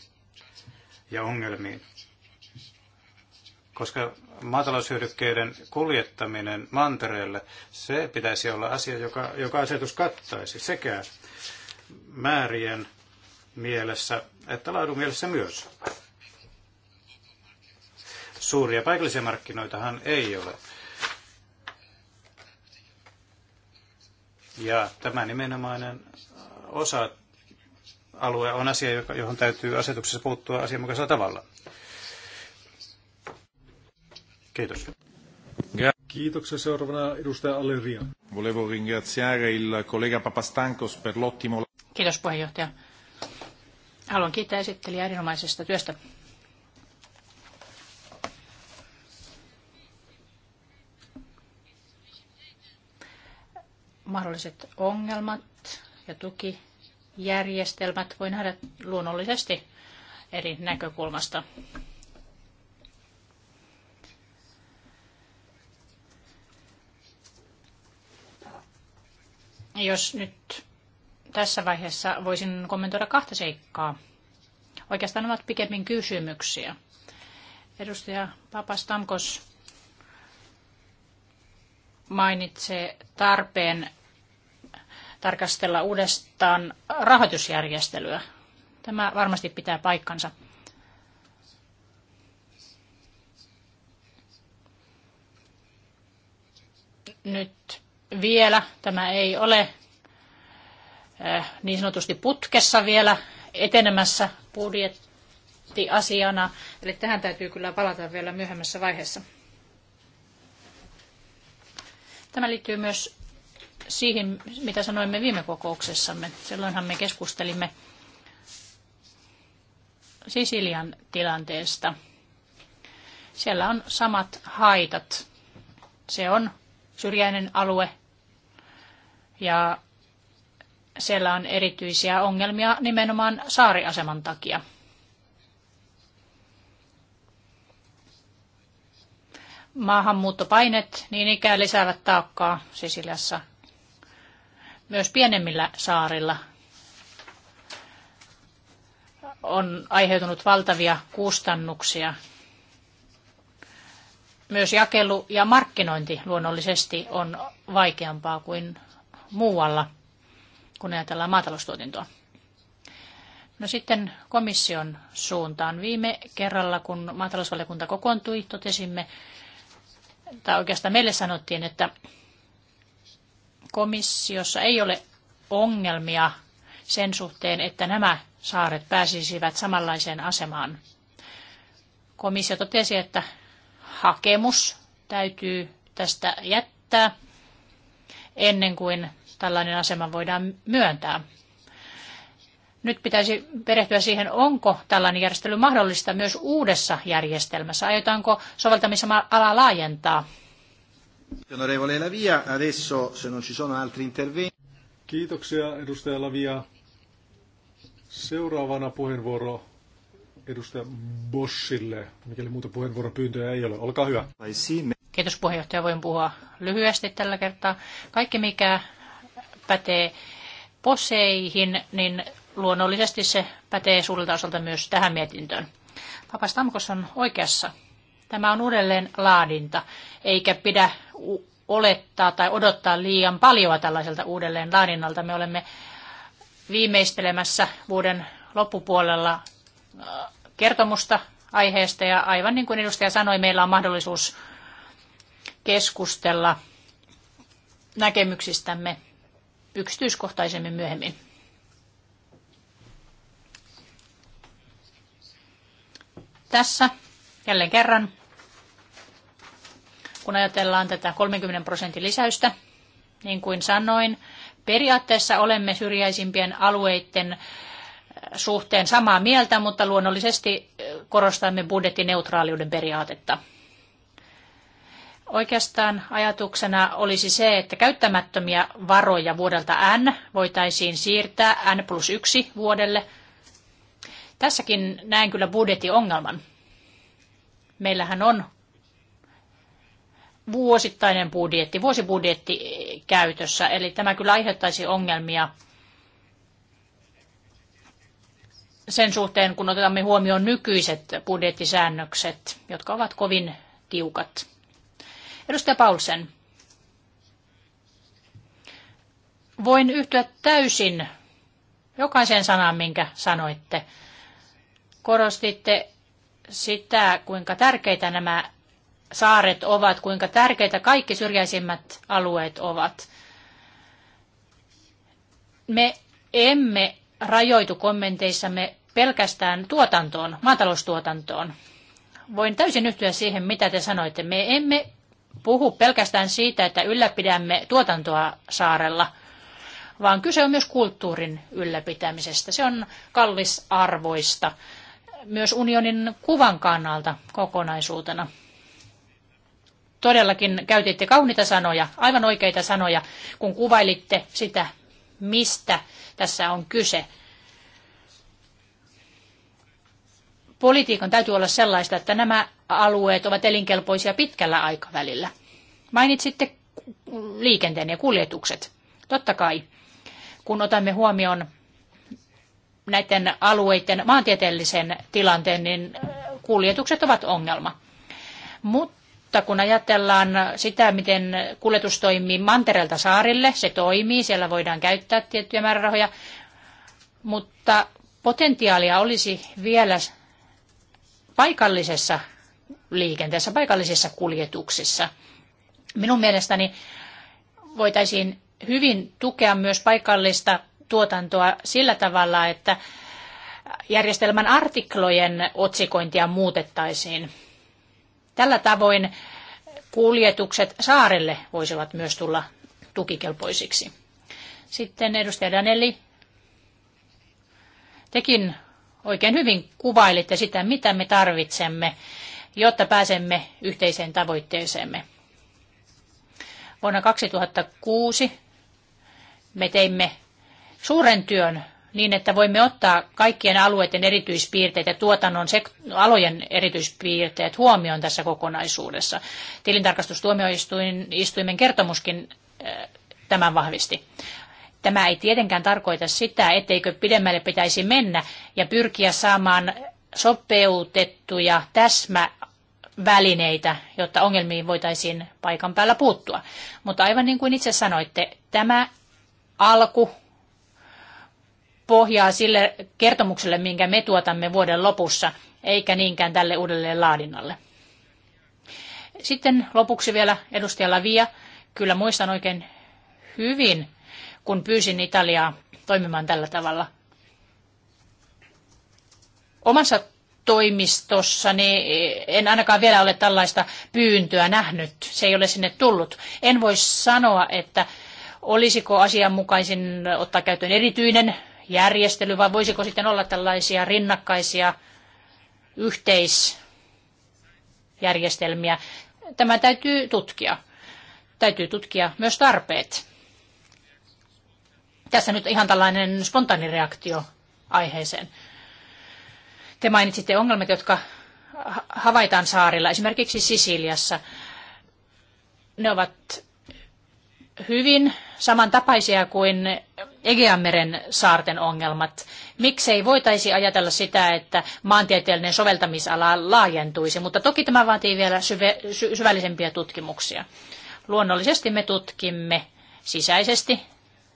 ja ongelmiin. Koska maataloushyödykkeiden kuljettaminen mantereelle, se pitäisi olla asia, joka, joka asetus kattaisi sekä määrien mielessä että laadun mielessä myös. Suuria paikallisia markkinoitahan ei ole. Ja tämä nimenomainen osa alue on asia, johon täytyy asetuksessa puuttua asianmukaisella tavalla. Kiitos. Kiitoksia. Seuraavana edustaja Alleria. Volevo ringraziare il collega Papastankos per l'ottimo... Kiitos puheenjohtaja. Haluan kiittää esittelijää erinomaisesta työstä. mahdolliset ongelmat ja tukijärjestelmät voi nähdä luonnollisesti eri näkökulmasta. Jos nyt tässä vaiheessa voisin kommentoida kahta seikkaa. Oikeastaan ovat pikemmin kysymyksiä. Edustaja Papastamkos mainitsee tarpeen tarkastella uudestaan rahoitusjärjestelyä. Tämä varmasti pitää paikkansa. Nyt vielä tämä ei ole eh, niin sanotusti putkessa vielä etenemässä budjettiasiana. Eli tähän täytyy kyllä palata vielä myöhemmässä vaiheessa. Tämä liittyy myös siihen, mitä sanoimme viime kokouksessamme. Silloinhan me keskustelimme Sisilian tilanteesta. Siellä on samat haitat. Se on syrjäinen alue ja siellä on erityisiä ongelmia nimenomaan saariaseman takia. Maahanmuuttopainet niin ikään lisäävät taakkaa Sisiliassa myös pienemmillä saarilla on aiheutunut valtavia kustannuksia. Myös jakelu ja markkinointi luonnollisesti on vaikeampaa kuin muualla, kun ajatellaan maataloustuotantoa. No sitten komission suuntaan. Viime kerralla, kun maatalousvaliokunta kokoontui, totesimme, tai oikeastaan meille sanottiin, että komissiossa ei ole ongelmia sen suhteen, että nämä saaret pääsisivät samanlaiseen asemaan. Komissio totesi, että hakemus täytyy tästä jättää ennen kuin tällainen asema voidaan myöntää. Nyt pitäisi perehtyä siihen, onko tällainen järjestely mahdollista myös uudessa järjestelmässä. Aiotaanko soveltamisala laajentaa Onorevole Lavia, adesso se non ci sono altri interventi. Kiitoksia edustaja Lavia. Seuraavana puheenvuoro edustaja Boschille, mikäli muuta puheenvuoropyyntöjä ei ole. Olkaa hyvä. Kiitos puheenjohtaja. Voin puhua lyhyesti tällä kertaa. Kaikki mikä pätee poseihin, niin luonnollisesti se pätee suurelta osalta myös tähän mietintöön. Papastamkos on oikeassa Tämä on uudelleen laadinta, eikä pidä olettaa tai odottaa liian paljon tällaiselta uudelleen laadinnalta. Me olemme viimeistelemässä vuoden loppupuolella äh, kertomusta aiheesta ja aivan niin kuin edustaja sanoi, meillä on mahdollisuus keskustella näkemyksistämme yksityiskohtaisemmin myöhemmin. Tässä jälleen kerran kun ajatellaan tätä 30 prosentin lisäystä, niin kuin sanoin, periaatteessa olemme syrjäisimpien alueiden äh, suhteen samaa mieltä, mutta luonnollisesti äh, korostamme budjettineutraaliuden periaatetta. Oikeastaan ajatuksena olisi se, että käyttämättömiä varoja vuodelta N voitaisiin siirtää N plus 1 vuodelle. Tässäkin näen kyllä budjetiongelman. Meillähän on vuosittainen budjetti, vuosibudjetti käytössä, eli tämä kyllä aiheuttaisi ongelmia sen suhteen, kun otamme huomioon nykyiset budjettisäännökset, jotka ovat kovin tiukat. Edustaja Paulsen. Voin yhtyä täysin jokaiseen sanaan, minkä sanoitte. Korostitte sitä, kuinka tärkeitä nämä saaret ovat, kuinka tärkeitä kaikki syrjäisimmät alueet ovat. Me emme rajoitu kommenteissamme pelkästään tuotantoon, maataloustuotantoon. Voin täysin yhtyä siihen, mitä te sanoitte. Me emme puhu pelkästään siitä, että ylläpidämme tuotantoa saarella, vaan kyse on myös kulttuurin ylläpitämisestä. Se on kallisarvoista myös unionin kuvan kannalta kokonaisuutena todellakin käytitte kauniita sanoja, aivan oikeita sanoja, kun kuvailitte sitä, mistä tässä on kyse. Politiikan täytyy olla sellaista, että nämä alueet ovat elinkelpoisia pitkällä aikavälillä. Mainitsitte liikenteen ja kuljetukset. Totta kai, kun otamme huomioon näiden alueiden maantieteellisen tilanteen, niin kuljetukset ovat ongelma. Mutta mutta kun ajatellaan sitä, miten kuljetus toimii mantereelta saarille, se toimii, siellä voidaan käyttää tiettyjä määrärahoja, mutta potentiaalia olisi vielä paikallisessa liikenteessä, paikallisissa kuljetuksissa. Minun mielestäni voitaisiin hyvin tukea myös paikallista tuotantoa sillä tavalla, että järjestelmän artiklojen otsikointia muutettaisiin. Tällä tavoin kuljetukset saarelle voisivat myös tulla tukikelpoisiksi. Sitten edustaja Danelli, tekin oikein hyvin kuvailitte sitä, mitä me tarvitsemme, jotta pääsemme yhteiseen tavoitteeseemme. Vuonna 2006 me teimme suuren työn niin, että voimme ottaa kaikkien alueiden erityispiirteet ja tuotannon alojen erityispiirteet huomioon tässä kokonaisuudessa. Tilintarkastustuomioistuimen kertomuskin eh, tämän vahvisti. Tämä ei tietenkään tarkoita sitä, etteikö pidemmälle pitäisi mennä ja pyrkiä saamaan sopeutettuja täsmä välineitä, jotta ongelmiin voitaisiin paikan päällä puuttua. Mutta aivan niin kuin itse sanoitte, tämä alku pohjaa sille kertomukselle, minkä me tuotamme vuoden lopussa, eikä niinkään tälle uudelleen laadinnalle. Sitten lopuksi vielä edustaja Lavia. Kyllä muistan oikein hyvin, kun pyysin Italiaa toimimaan tällä tavalla. Omassa toimistossani en ainakaan vielä ole tällaista pyyntöä nähnyt. Se ei ole sinne tullut. En voi sanoa, että olisiko asianmukaisin ottaa käyttöön erityinen järjestely vai voisiko sitten olla tällaisia rinnakkaisia yhteisjärjestelmiä? Tämä täytyy tutkia. Täytyy tutkia myös tarpeet. Tässä nyt ihan tällainen spontaani reaktio aiheeseen. Te mainitsitte ongelmat, jotka havaitaan saarilla, esimerkiksi Sisiliassa. Ne ovat hyvin samantapaisia kuin Egeanmeren saarten ongelmat. Miksei voitaisi ajatella sitä, että maantieteellinen soveltamisala laajentuisi, mutta toki tämä vaatii vielä syve, sy, syvällisempiä tutkimuksia. Luonnollisesti me tutkimme sisäisesti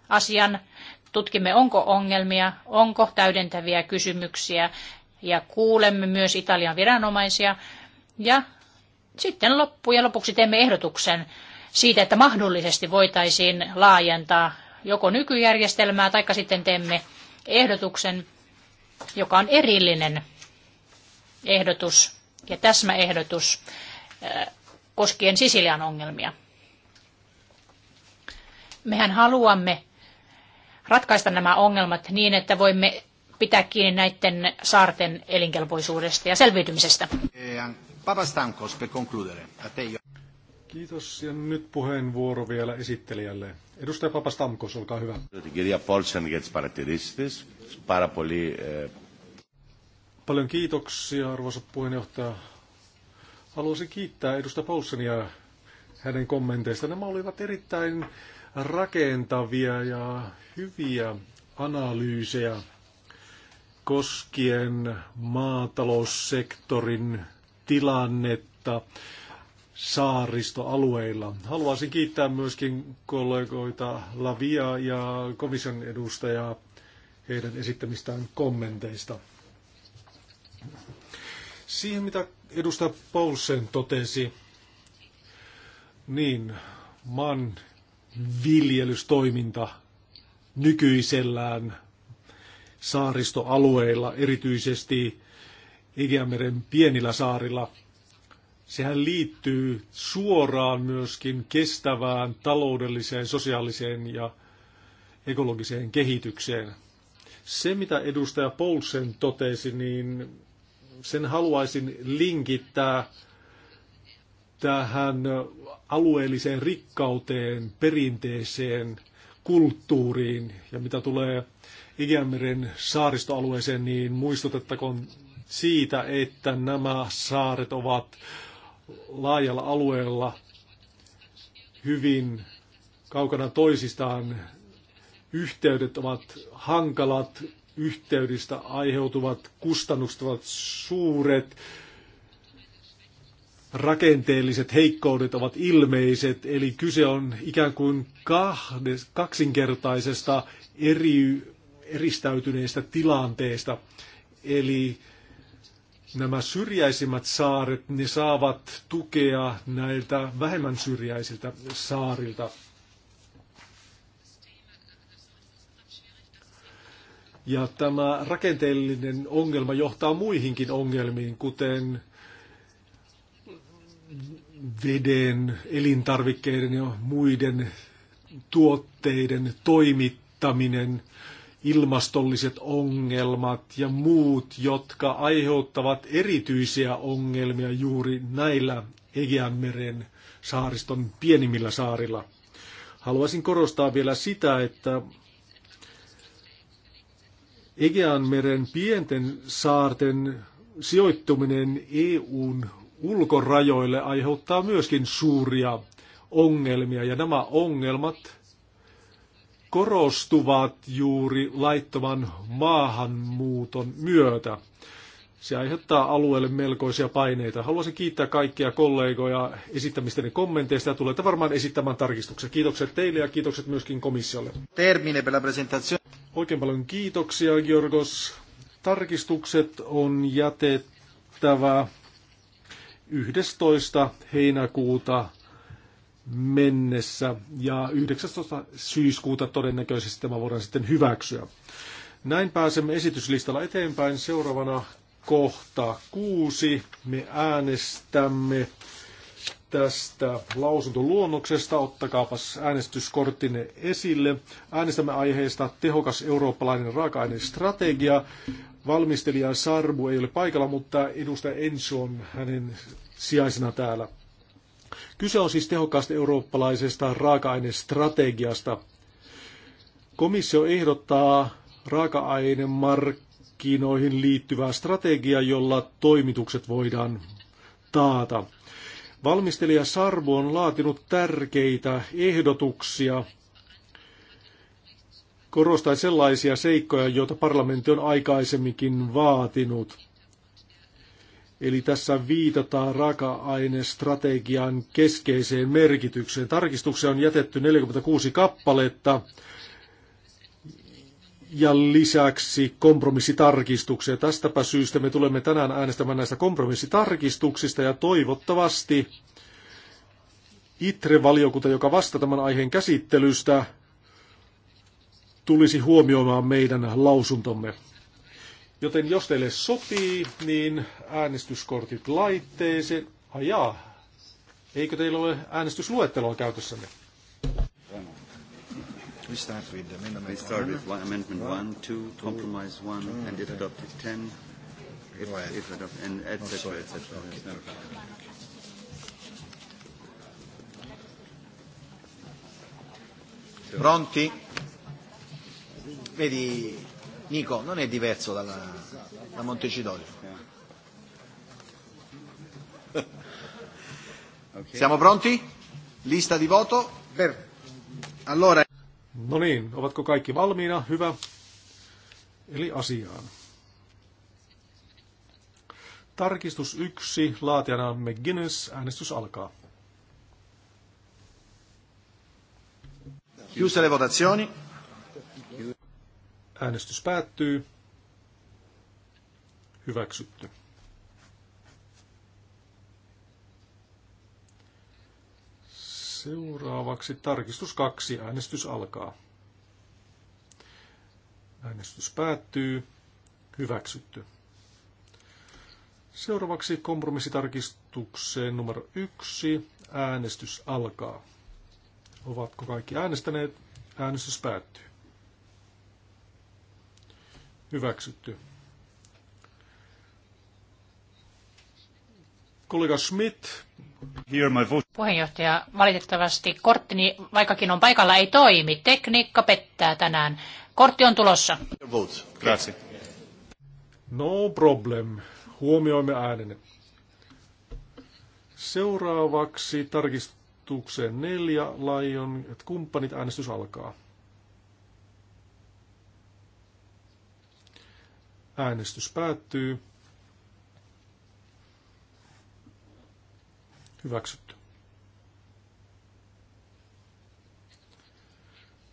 asian, tutkimme onko ongelmia, onko täydentäviä kysymyksiä ja kuulemme myös Italian viranomaisia ja sitten loppujen lopuksi teemme ehdotuksen siitä, että mahdollisesti voitaisiin laajentaa joko nykyjärjestelmää tai sitten teemme ehdotuksen, joka on erillinen ehdotus ja täsmäehdotus äh, koskien Sisilian ongelmia. Mehän haluamme ratkaista nämä ongelmat niin, että voimme pitää kiinni näiden saarten elinkelpoisuudesta ja selviytymisestä. Papa Stankos, per concludere. Kiitos. Ja nyt puheenvuoro vielä esittelijälle. Edustaja Papastamkos, olkaa hyvä. Para poli, Paljon kiitoksia, arvoisa puheenjohtaja. Haluaisin kiittää edustaja Paulsenia hänen kommenteista. Nämä olivat erittäin rakentavia ja hyviä analyysejä koskien maataloussektorin tilannetta saaristoalueilla. Haluaisin kiittää myöskin kollegoita Lavia ja komission edustajaa heidän esittämistään kommenteista. Siihen, mitä edustaja Paulsen totesi, niin maan viljelystoiminta nykyisellään saaristoalueilla, erityisesti Igeameren pienillä saarilla – sehän liittyy suoraan myöskin kestävään taloudelliseen, sosiaaliseen ja ekologiseen kehitykseen. Se, mitä edustaja Poulsen totesi, niin sen haluaisin linkittää tähän alueelliseen rikkauteen, perinteeseen, kulttuuriin ja mitä tulee Igeämeren saaristoalueeseen, niin muistutettakoon siitä, että nämä saaret ovat laajalla alueella hyvin kaukana toisistaan. Yhteydet ovat hankalat, yhteydistä aiheutuvat kustannukset ovat suuret, rakenteelliset heikkoudet ovat ilmeiset, eli kyse on ikään kuin kahdes, kaksinkertaisesta eri, eristäytyneestä tilanteesta. Eli nämä syrjäisimmät saaret, ne saavat tukea näiltä vähemmän syrjäisiltä saarilta. Ja tämä rakenteellinen ongelma johtaa muihinkin ongelmiin, kuten veden, elintarvikkeiden ja muiden tuotteiden toimittaminen – ilmastolliset ongelmat ja muut, jotka aiheuttavat erityisiä ongelmia juuri näillä Egeanmeren saariston pienimmillä saarilla. Haluaisin korostaa vielä sitä, että Egeanmeren pienten saarten sijoittuminen EUn ulkorajoille aiheuttaa myöskin suuria ongelmia, ja nämä ongelmat korostuvat juuri laittoman maahanmuuton myötä. Se aiheuttaa alueelle melkoisia paineita. Haluaisin kiittää kaikkia kollegoja esittämistäni kommenteista ja tulette varmaan esittämään tarkistuksia. Kiitokset teille ja kiitokset myöskin komissiolle. Termine per la presentazione. Oikein paljon kiitoksia, Georgos. Tarkistukset on jätettävä 11. heinäkuuta mennessä ja 19. syyskuuta todennäköisesti tämä voidaan sitten hyväksyä. Näin pääsemme esityslistalla eteenpäin. Seuraavana kohta kuusi. Me äänestämme tästä lausuntoluonnoksesta. Ottakaapas äänestyskorttinne esille. Äänestämme aiheesta tehokas eurooppalainen raaka-ainestrategia. Valmistelija Sarbu ei ole paikalla, mutta edustaja Enson hänen sijaisena täällä. Kyse on siis tehokkaasta eurooppalaisesta raaka-ainestrategiasta. Komissio ehdottaa raaka-ainemarkkinoihin liittyvää strategiaa, jolla toimitukset voidaan taata. Valmistelija Sarbu on laatinut tärkeitä ehdotuksia. korostaa sellaisia seikkoja, joita parlamentti on aikaisemminkin vaatinut. Eli tässä viitataan raaka-ainestrategian keskeiseen merkitykseen. Tarkistuksia on jätetty 46 kappaletta ja lisäksi kompromissitarkistuksia. Tästäpä syystä me tulemme tänään äänestämään näistä kompromissitarkistuksista ja toivottavasti ITRE-valiokunta, joka vastaa tämän aiheen käsittelystä, tulisi huomioimaan meidän lausuntomme. Joten jos teille sopii, niin äänestyskortit laitteeseen. Ajaa, eikö teillä ole äänestysluetteloa käytössänne? We start with the amendment We start with one, amendment 1, 2, compromise 1, and it adopted 10, if, if adopted, and et oh, cetera, et cetera. Okay. No. Pronti? Vedi, Nico, non è diverso dalla, da Montecitorio. Okay. Siamo pronti? Lista di voto. Per. Allora. No niin, ovatko kaikki valmiina? Hyvä. Eli asiaan. Tarkistus 1, laatijana McGuinness, äänestys alkaa. Chiuse le votazioni. Äänestys päättyy. Hyväksytty. Seuraavaksi tarkistus kaksi. Äänestys alkaa. Äänestys päättyy. Hyväksytty. Seuraavaksi kompromissitarkistukseen numero yksi. Äänestys alkaa. Ovatko kaikki äänestäneet? Äänestys päättyy hyväksytty. Kollega Schmidt. Here my voice. Puheenjohtaja, valitettavasti korttini, vaikkakin on paikalla, ei toimi. Tekniikka pettää tänään. Kortti on tulossa. No problem. Huomioimme äänenne. Seuraavaksi tarkistukseen neljä Lion, että kumppanit äänestys alkaa. Äänestys päättyy. Hyväksytty.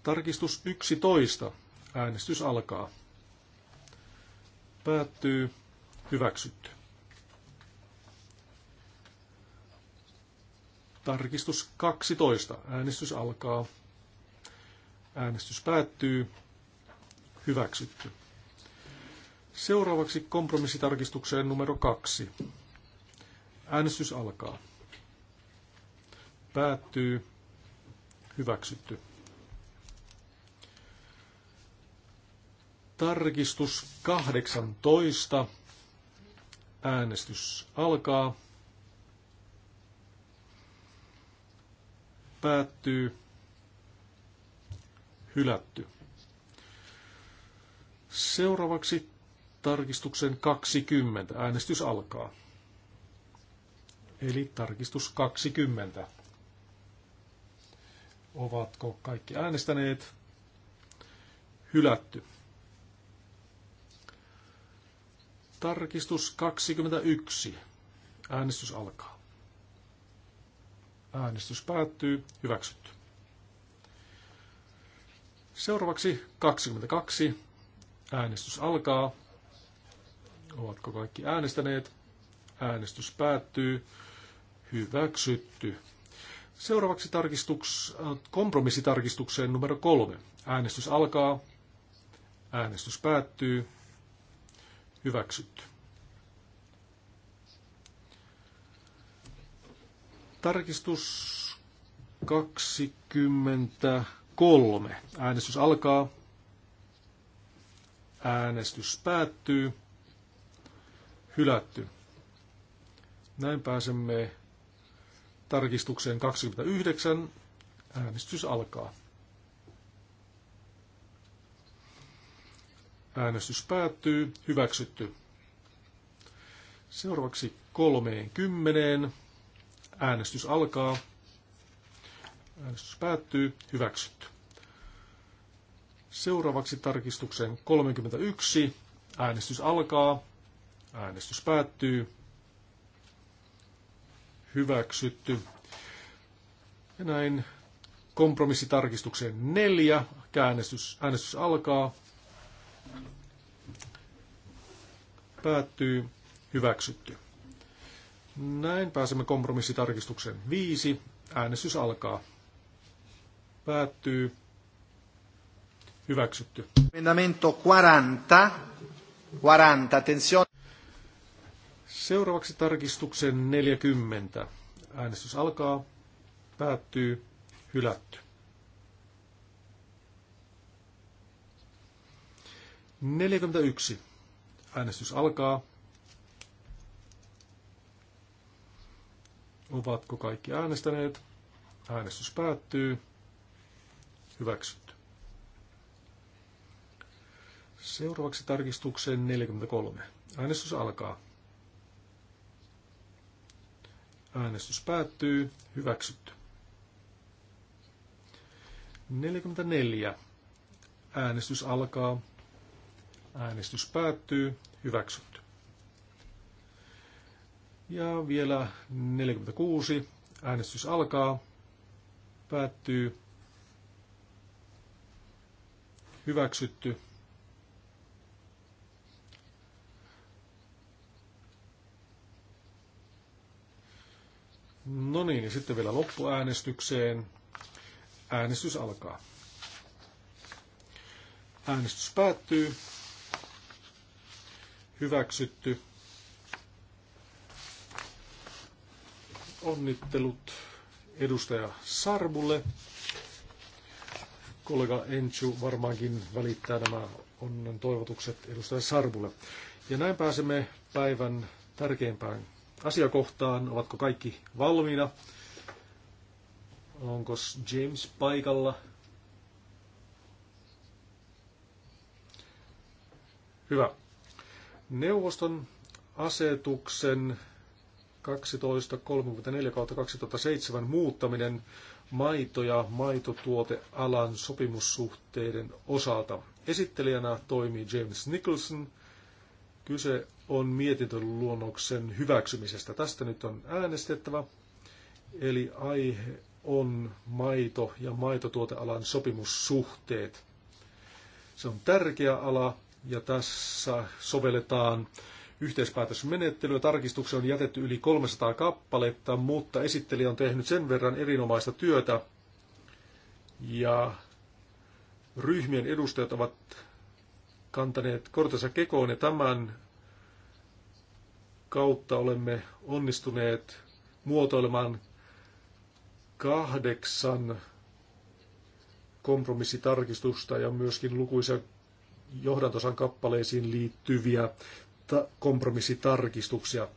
Tarkistus 11. Äänestys alkaa. Päättyy. Hyväksytty. Tarkistus 12. Äänestys alkaa. Äänestys päättyy. Hyväksytty. Seuraavaksi kompromissitarkistukseen numero kaksi. Äänestys alkaa. Päättyy. Hyväksytty. Tarkistus 18. Äänestys alkaa. Päättyy. Hylätty. Seuraavaksi tarkistuksen 20. Äänestys alkaa. Eli tarkistus 20. Ovatko kaikki äänestäneet? Hylätty. Tarkistus 21. Äänestys alkaa. Äänestys päättyy. Hyväksytty. Seuraavaksi 22. Äänestys alkaa. Ovatko kaikki äänestäneet? Äänestys päättyy. Hyväksytty. Seuraavaksi tarkistuks, äh, kompromissitarkistukseen numero kolme. Äänestys alkaa. Äänestys päättyy. Hyväksytty. Tarkistus 23. Äänestys alkaa. Äänestys päättyy hylätty. Näin pääsemme tarkistukseen 29. Äänestys alkaa. Äänestys päättyy. Hyväksytty. Seuraavaksi 30. Äänestys alkaa. Äänestys päättyy. Hyväksytty. Seuraavaksi tarkistuksen 31. Äänestys alkaa. Äänestys päättyy. Hyväksytty. Ja näin kompromissitarkistukseen neljä. Äänestys, äänestys alkaa. Päättyy. Hyväksytty. Näin pääsemme kompromissitarkistukseen viisi. Äänestys alkaa. Päättyy. Hyväksytty. Emendamento 40. 40, attenzione. Seuraavaksi tarkistuksen 40. Äänestys alkaa, päättyy, hylätty. 41 Äänestys alkaa. Ovatko kaikki äänestäneet? Äänestys päättyy. Hyväksytty. Seuraavaksi tarkistukseen 43. Äänestys alkaa. Äänestys päättyy. Hyväksytty. 44. Äänestys alkaa. Äänestys päättyy. Hyväksytty. Ja vielä 46. Äänestys alkaa. Päättyy. Hyväksytty. No niin, sitten vielä loppuäänestykseen. Äänestys alkaa. Äänestys päättyy. Hyväksytty. Onnittelut edustaja Sarbulle. Kollega Enchu varmaankin välittää nämä onnen toivotukset edustaja Sarbulle. Ja näin pääsemme päivän tärkeimpään asiakohtaan. Ovatko kaikki valmiina? Onko James paikalla? Hyvä. Neuvoston asetuksen 1234-2007 muuttaminen maito- ja maitotuotealan sopimussuhteiden osalta. Esittelijänä toimii James Nicholson. Kyse on mietintöluonnoksen hyväksymisestä. Tästä nyt on äänestettävä. Eli aihe on maito ja maitotuotealan sopimussuhteet. Se on tärkeä ala ja tässä sovelletaan yhteispäätösmenettelyä. Tarkistuksia on jätetty yli 300 kappaletta, mutta esittelijä on tehnyt sen verran erinomaista työtä ja ryhmien edustajat ovat kantaneet kortensa kekoon ja tämän kautta olemme onnistuneet muotoilemaan kahdeksan kompromissitarkistusta ja myöskin lukuisia johdantosan kappaleisiin liittyviä kompromissitarkistuksia.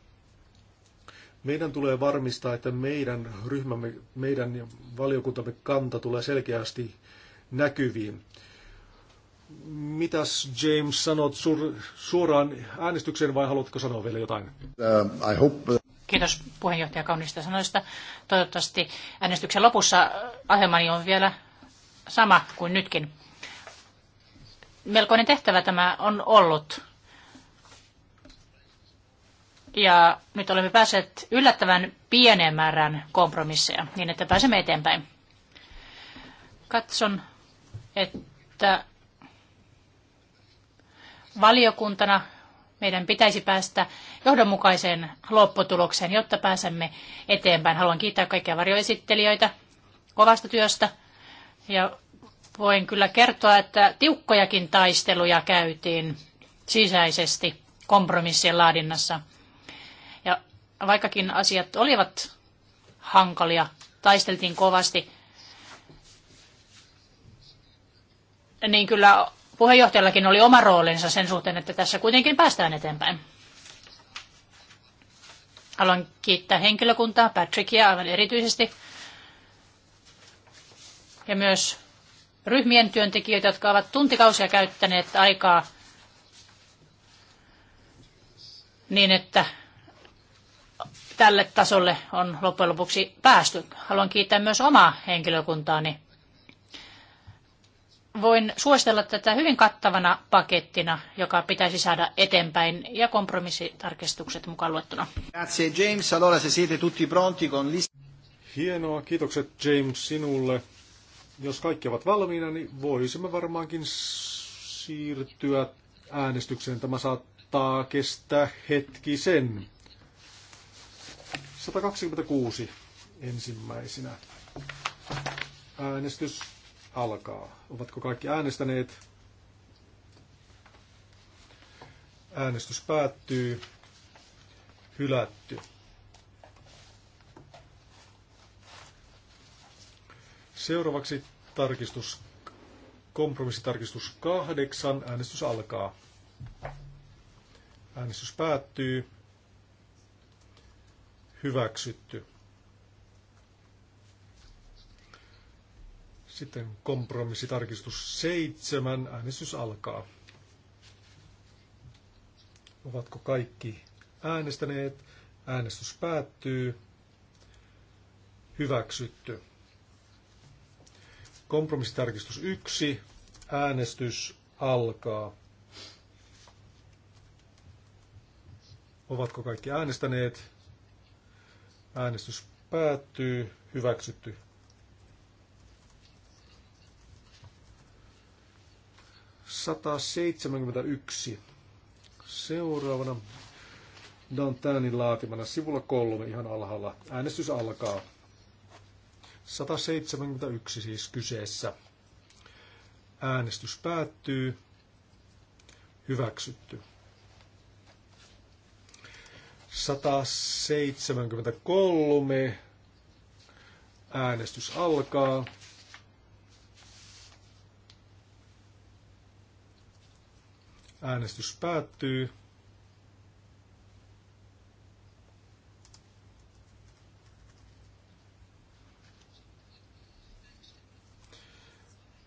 Meidän tulee varmistaa, että meidän ryhmämme, meidän valiokuntamme kanta tulee selkeästi näkyviin. Mitäs James sanot sur, suoraan äänestykseen vai haluatko sanoa vielä jotain? Uh, I hope... Uh, Kiitos puheenjohtaja kaunista sanoista. Toivottavasti äänestyksen lopussa asemani on vielä sama kuin nytkin. Melkoinen tehtävä tämä on ollut. Ja nyt olemme päässeet yllättävän pienen määrän kompromisseja, niin että pääsemme eteenpäin. Katson, että valiokuntana meidän pitäisi päästä johdonmukaiseen lopputulokseen, jotta pääsemme eteenpäin. Haluan kiittää kaikkia varjoesittelijöitä kovasta työstä ja voin kyllä kertoa, että tiukkojakin taisteluja käytiin sisäisesti kompromissien laadinnassa. Ja vaikkakin asiat olivat hankalia, taisteltiin kovasti, niin kyllä puheenjohtajallakin oli oma roolinsa sen suhteen, että tässä kuitenkin päästään eteenpäin. Haluan kiittää henkilökuntaa, Patrickia aivan erityisesti, ja myös ryhmien työntekijöitä, jotka ovat tuntikausia käyttäneet aikaa niin, että tälle tasolle on loppujen lopuksi päästy. Haluan kiittää myös omaa henkilökuntaani voin suositella tätä hyvin kattavana pakettina, joka pitäisi saada eteenpäin ja kompromissitarkistukset mukaan luettuna. Grazie James. Allora se siete tutti pronti con list... Hienoa, kiitokset James sinulle. Jos kaikki ovat valmiina, niin voisimme varmaankin siirtyä äänestykseen. Tämä saattaa kestää hetkisen. 126 ensimmäisenä. Äänestys alkaa. Ovatko kaikki äänestäneet? Äänestys päättyy. Hylätty. Seuraavaksi tarkistus, kompromissitarkistus kahdeksan. Äänestys alkaa. Äänestys päättyy. Hyväksytty. Sitten kompromissitarkistus 7. Äänestys alkaa. Ovatko kaikki äänestäneet? Äänestys päättyy. Hyväksytty. Kompromissitarkistus 1. Äänestys alkaa. Ovatko kaikki äänestäneet? Äänestys päättyy. Hyväksytty. 171. Seuraavana Dantanin laatimana sivulla kolme ihan alhaalla. Äänestys alkaa. 171 siis kyseessä. Äänestys päättyy. Hyväksytty. 173. Äänestys alkaa. Äänestys päättyy.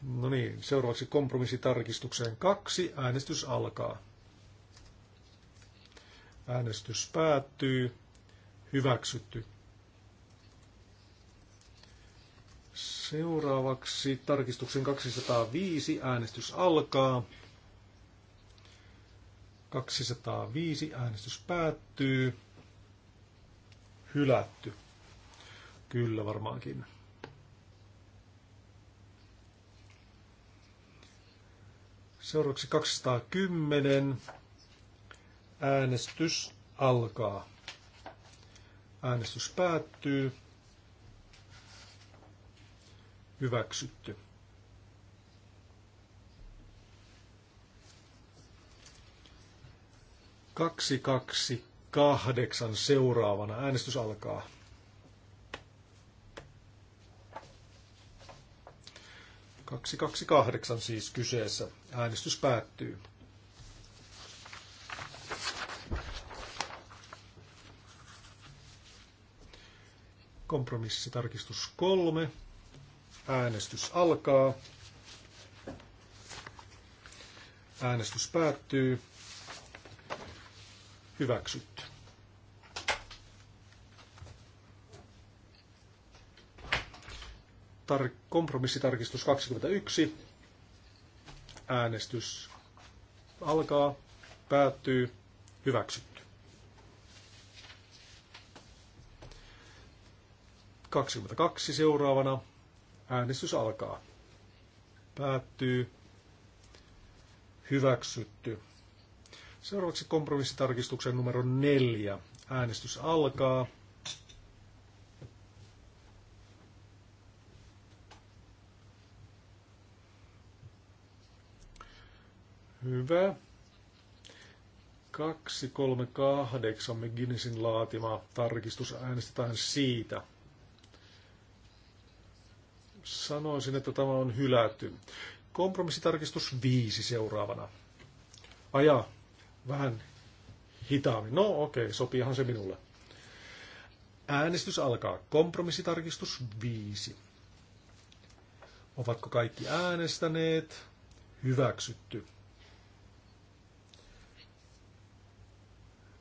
No niin, seuraavaksi kompromissitarkistukseen kaksi. Äänestys alkaa. Äänestys päättyy. Hyväksytty. Seuraavaksi tarkistuksen 205. Äänestys alkaa. 205 äänestys päättyy. Hylätty. Kyllä varmaankin. Seuraavaksi 210. Äänestys alkaa. Äänestys päättyy. Hyväksytty. 228 seuraavana. Äänestys alkaa. Kaksi kaksi kahdeksan siis kyseessä. Äänestys päättyy. Kompromissitarkistus kolme. Äänestys alkaa. Äänestys päättyy hyväksytty. Tar- kompromissitarkistus 21. Äänestys alkaa, päättyy, hyväksytty. 22 seuraavana äänestys alkaa, päättyy, hyväksytty. Seuraavaksi kompromissitarkistuksen numero neljä. Äänestys alkaa. Hyvä. 238 Guinnessin laatima tarkistus. Äänestetään siitä. Sanoisin, että tämä on hylätty. Kompromissitarkistus 5 seuraavana. Ajaa, vähän hitaammin. No okei, okay, sopiihan se minulle. Äänestys alkaa. Kompromissitarkistus 5. Ovatko kaikki äänestäneet? Hyväksytty.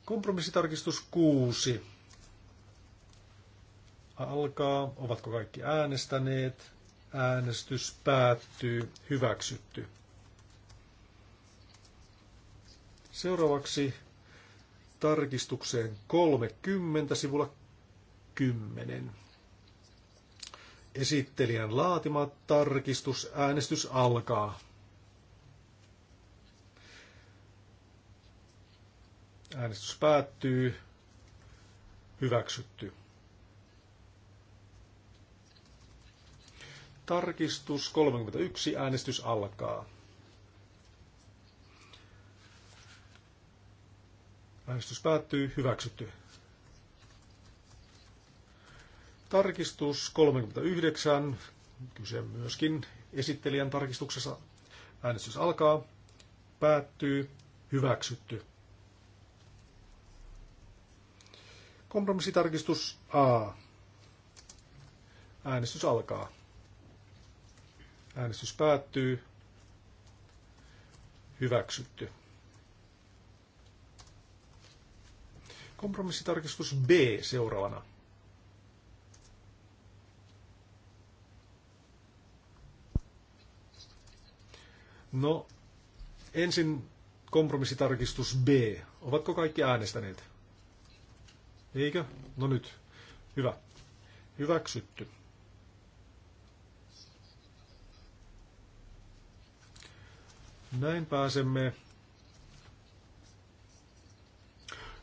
Kompromissitarkistus 6. Alkaa. Ovatko kaikki äänestäneet? Äänestys päättyy. Hyväksytty. Seuraavaksi tarkistukseen 30 sivulla 10. Esittelijän laatima tarkistus. Äänestys alkaa. Äänestys päättyy. Hyväksytty. Tarkistus 31. Äänestys alkaa. Äänestys päättyy. Hyväksytty. Tarkistus 39. Kyse myöskin esittelijän tarkistuksessa. Äänestys alkaa. Päättyy. Hyväksytty. Kompromissitarkistus A. Äänestys alkaa. Äänestys päättyy. Hyväksytty. Kompromissitarkistus B seuraavana. No, ensin kompromissitarkistus B. Ovatko kaikki äänestäneet? Eikö? No nyt. Hyvä. Hyväksytty. Näin pääsemme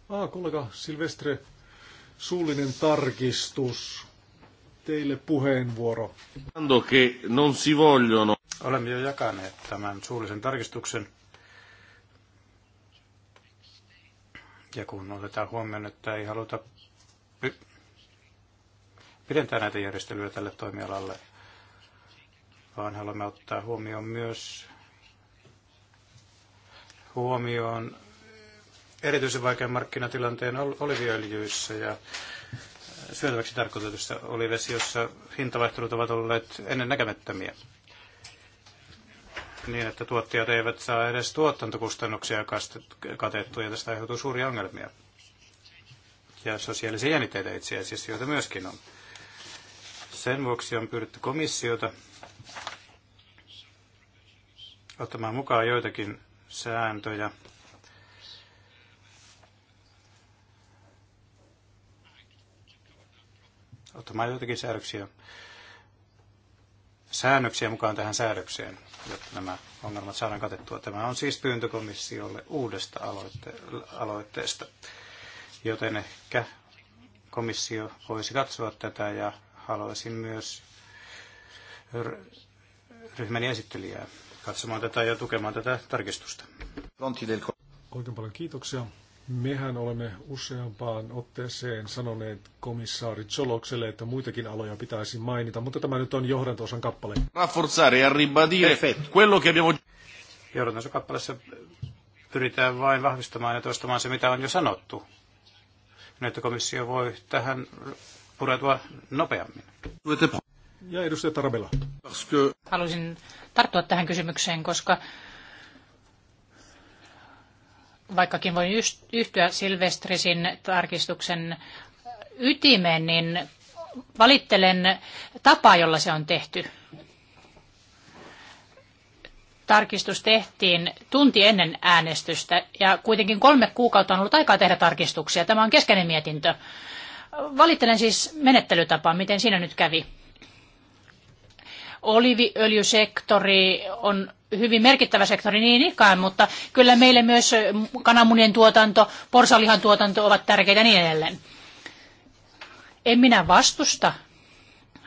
Ah, kollega Silvestre, suullinen tarkistus. Teille puheenvuoro. non si vogliono. Olemme jo jakaneet tämän suullisen tarkistuksen. Ja kun otetaan huomioon, että ei haluta pidentää näitä järjestelyjä tälle toimialalle, vaan haluamme ottaa huomioon myös huomioon erityisen vaikean markkinatilanteen oliviöljyissä ja äh, syötäväksi tarkoitetussa olivesi, jossa hintavaihtelut ovat olleet näkemättömiä. niin, että tuottajat eivät saa edes tuotantokustannuksia katettua ja tästä aiheutuu suuria ongelmia. Ja sosiaalisia jännitteitä itse asiassa, joita myöskin on. Sen vuoksi on pyydetty komissiota ottamaan mukaan joitakin sääntöjä ottamaan joitakin säädöksiä, säännöksiä mukaan tähän säädökseen, jotta nämä ongelmat saadaan katettua. Tämä on siis pyyntö komissiolle uudesta aloitte- aloitteesta, joten ehkä komissio voisi katsoa tätä ja haluaisin myös ryhmäni esittelijää katsomaan tätä ja tukemaan tätä tarkistusta. Oikein paljon kiitoksia. Mehän olemme useampaan otteeseen sanoneet komissaari Cholokselle, että muitakin aloja pitäisi mainita, mutta tämä nyt on johdantosan kappale. Rafforzare ja ribadire quello che abbiamo... Johdantosan kappaleessa pyritään vain vahvistamaan ja toistamaan se, mitä on jo sanottu. Nyt niin, että komissio voi tähän pureutua nopeammin. Ja edustaja Tarabella. Haluaisin tarttua tähän kysymykseen, koska vaikkakin voin yhtyä Silvestrisin tarkistuksen ytimeen, niin valittelen tapaa, jolla se on tehty. Tarkistus tehtiin tunti ennen äänestystä ja kuitenkin kolme kuukautta on ollut aikaa tehdä tarkistuksia. Tämä on keskeinen mietintö. Valittelen siis menettelytapaa, miten siinä nyt kävi. Oliviöljysektori on hyvin merkittävä sektori niin ikään, mutta kyllä meille myös kananmunien tuotanto, porsalihan tuotanto ovat tärkeitä niin edelleen. En minä vastusta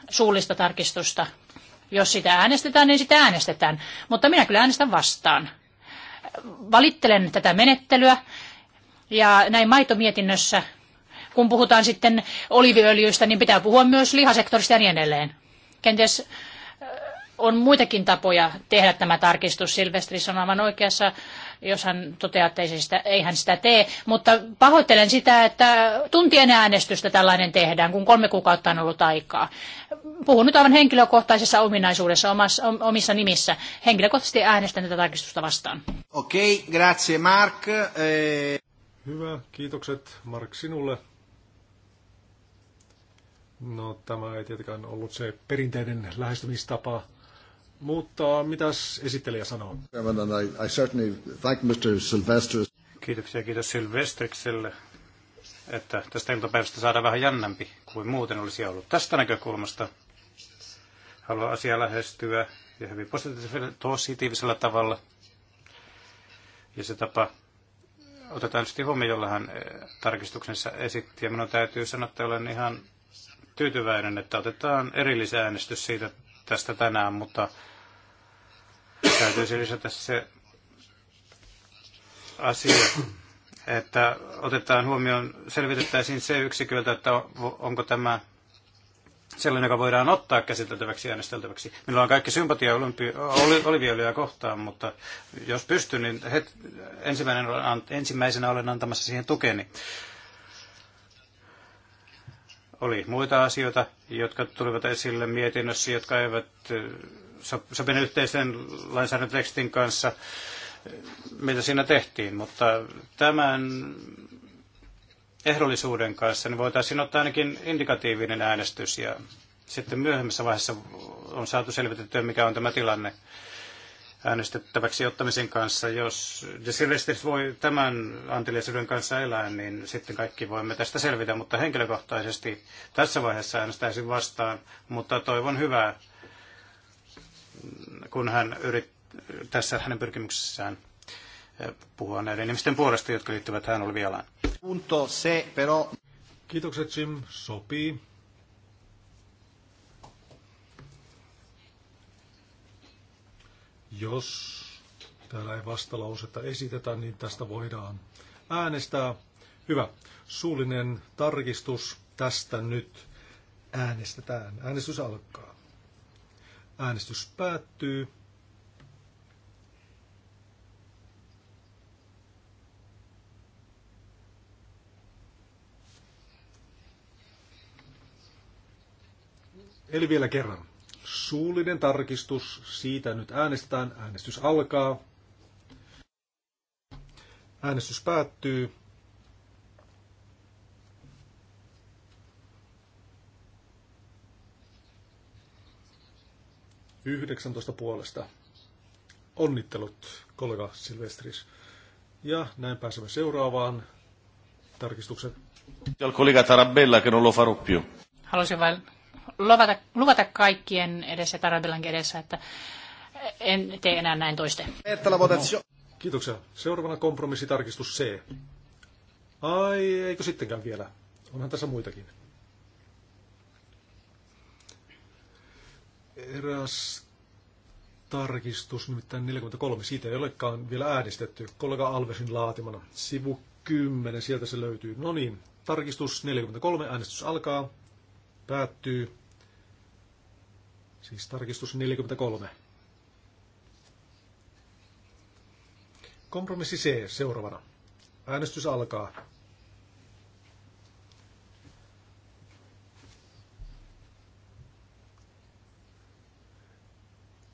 suullista tarkistusta. Jos sitä äänestetään, niin sitä äänestetään. Mutta minä kyllä äänestän vastaan. Valittelen tätä menettelyä. Ja näin maitomietinnössä, kun puhutaan sitten oliviöljyistä, niin pitää puhua myös lihasektorista ja niin edelleen. Kenties on muitakin tapoja tehdä tämä tarkistus. Silvestri on aivan oikeassa, jos hän toteaa, että ei, sitä, ei hän sitä tee. Mutta pahoittelen sitä, että tuntien äänestystä tällainen tehdään, kun kolme kuukautta on ollut aikaa. Puhun nyt aivan henkilökohtaisessa ominaisuudessa, omassa, omissa nimissä. Henkilökohtaisesti äänestän tätä tarkistusta vastaan. Okei, okay, grazie Mark. Eh... Hyvä, kiitokset Mark sinulle. No tämä ei tietenkään ollut se perinteinen lähestymistapa mutta mitäs esittelijä sanoo? Kiitoksia, kiitos Silvestrikselle, että tästä iltapäivästä saadaan vähän jännämpi kuin muuten olisi ollut. Tästä näkökulmasta haluan asiaa lähestyä ja hyvin positiivisella, tavalla. Ja se tapa otetaan tietysti huomioon, jolla hän eh, tarkistuksensa esitti. Ja minun täytyy sanoa, että olen ihan tyytyväinen, että otetaan erillisäänestys siitä tästä tänään, mutta täytyisi lisätä se asia, että otetaan huomioon, selvitettäisiin se yksiköltä, että onko tämä sellainen, joka voidaan ottaa käsiteltäväksi ja äänesteltäväksi. Minulla on kaikki sympatia olivioilijaa kohtaan, mutta jos pystyn, niin het, ensimmäisenä olen antamassa siihen tukeni. Oli muita asioita, jotka tulivat esille mietinnössä, jotka eivät sopinut yhteisen lainsäädäntötekstin kanssa, mitä siinä tehtiin, mutta tämän ehdollisuuden kanssa niin voitaisiin ottaa ainakin indikatiivinen äänestys ja sitten myöhemmässä vaiheessa on saatu selvitettyä, mikä on tämä tilanne äänestettäväksi ottamisen kanssa. Jos Desilestis voi tämän anteliaisuuden kanssa elää, niin sitten kaikki voimme tästä selvitä, mutta henkilökohtaisesti tässä vaiheessa äänestäisin vastaan, mutta toivon hyvää kun hän yrit, tässä hänen pyrkimyksessään eh, puhua näiden ihmisten puolesta, jotka liittyvät tähän vielä. Punto se, pero... Kiitokset Jim, sopii. Jos täällä ei vastalausetta esitetä, niin tästä voidaan äänestää. Hyvä. Suullinen tarkistus tästä nyt äänestetään. Äänestys alkaa. Äänestys päättyy. Eli vielä kerran. Suullinen tarkistus, siitä nyt äänestetään. Äänestys alkaa. Äänestys päättyy. 19 puolesta. Onnittelut, kollega Silvestris. Ja näin pääsemme seuraavaan tarkistukseen. kollega Tarabella, che non lo farò più. vain luvata, luvata kaikkien edessä Tarabellan edessä, että en tee enää näin toisteen. No. Kiitoksia. Seuraavana kompromissitarkistus C. Ai, eikö sittenkään vielä? Onhan tässä muitakin. Eräs tarkistus, nimittäin 43, siitä ei olekaan vielä äänestetty. Kollega Alvesin laatimana. Sivu 10, sieltä se löytyy. No niin, tarkistus 43, äänestys alkaa, päättyy. Siis tarkistus 43. Kompromissi C seuraavana. Äänestys alkaa.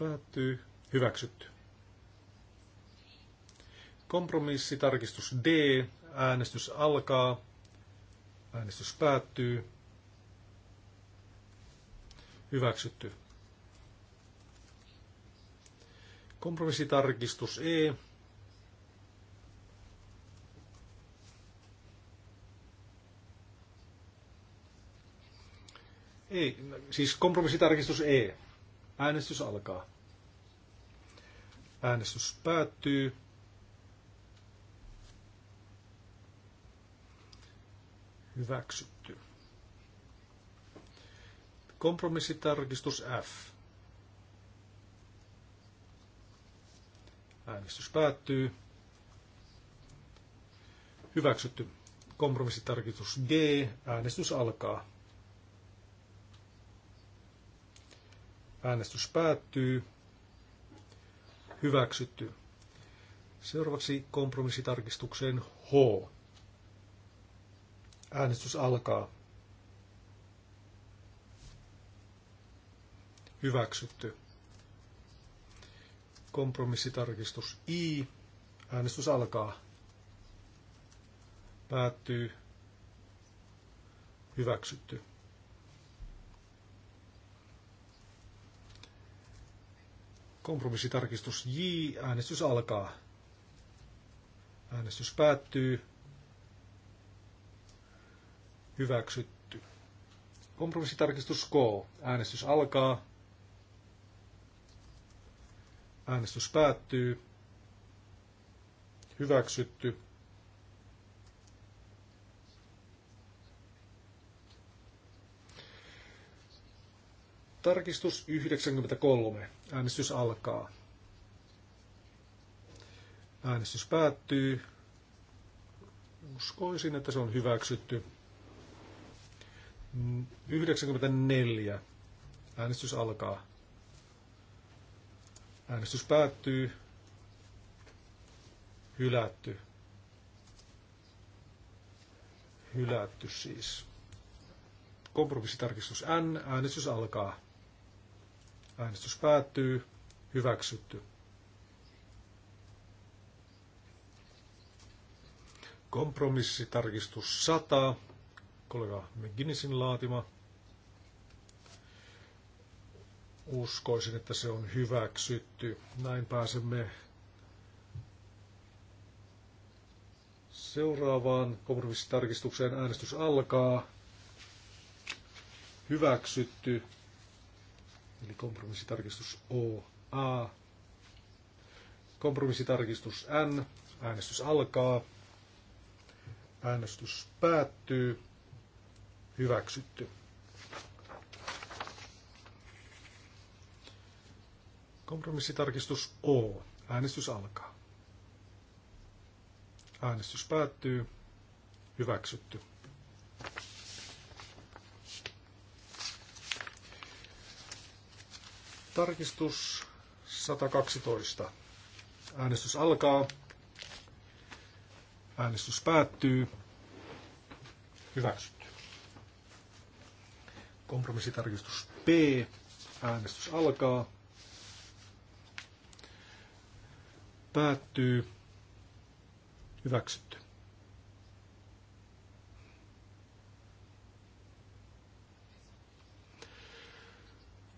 päättyy. Hyväksytty. Kompromissitarkistus D. Äänestys alkaa. Äänestys päättyy. Hyväksytty. Kompromissitarkistus E. Ei, siis kompromissitarkistus E. Äänestys alkaa. Äänestys päättyy. Hyväksytty. Kompromissitarkistus F. Äänestys päättyy. Hyväksytty. Kompromissitarkistus G. Äänestys alkaa. Äänestys päättyy. Hyväksytty. Seuraavaksi kompromissitarkistukseen H. Äänestys alkaa. Hyväksytty. Kompromissitarkistus I. Äänestys alkaa. Päättyy. Hyväksytty. Kompromissitarkistus J. Äänestys alkaa. Äänestys päättyy. Hyväksytty. Kompromissitarkistus K. Äänestys alkaa. Äänestys päättyy. Hyväksytty. Tarkistus 93. Äänestys alkaa. Äänestys päättyy. Uskoisin, että se on hyväksytty. 94. Äänestys alkaa. Äänestys päättyy. Hylätty. Hylätty siis. Kompromissitarkistus N. Äänestys alkaa. Äänestys päättyy. Hyväksytty. Kompromissitarkistus 100, kollega McGinnisin laatima. Uskoisin, että se on hyväksytty. Näin pääsemme seuraavaan kompromissitarkistukseen. Äänestys alkaa. Hyväksytty. Eli kompromissitarkistus OA. Kompromissitarkistus N. Äänestys alkaa. Äänestys päättyy. Hyväksytty. Kompromissitarkistus O. Äänestys alkaa. Äänestys päättyy. Hyväksytty. Tarkistus 112. Äänestys alkaa. Äänestys päättyy. Hyväksytty. Kompromissitarkistus B. Äänestys alkaa. Päättyy. Hyväksytty.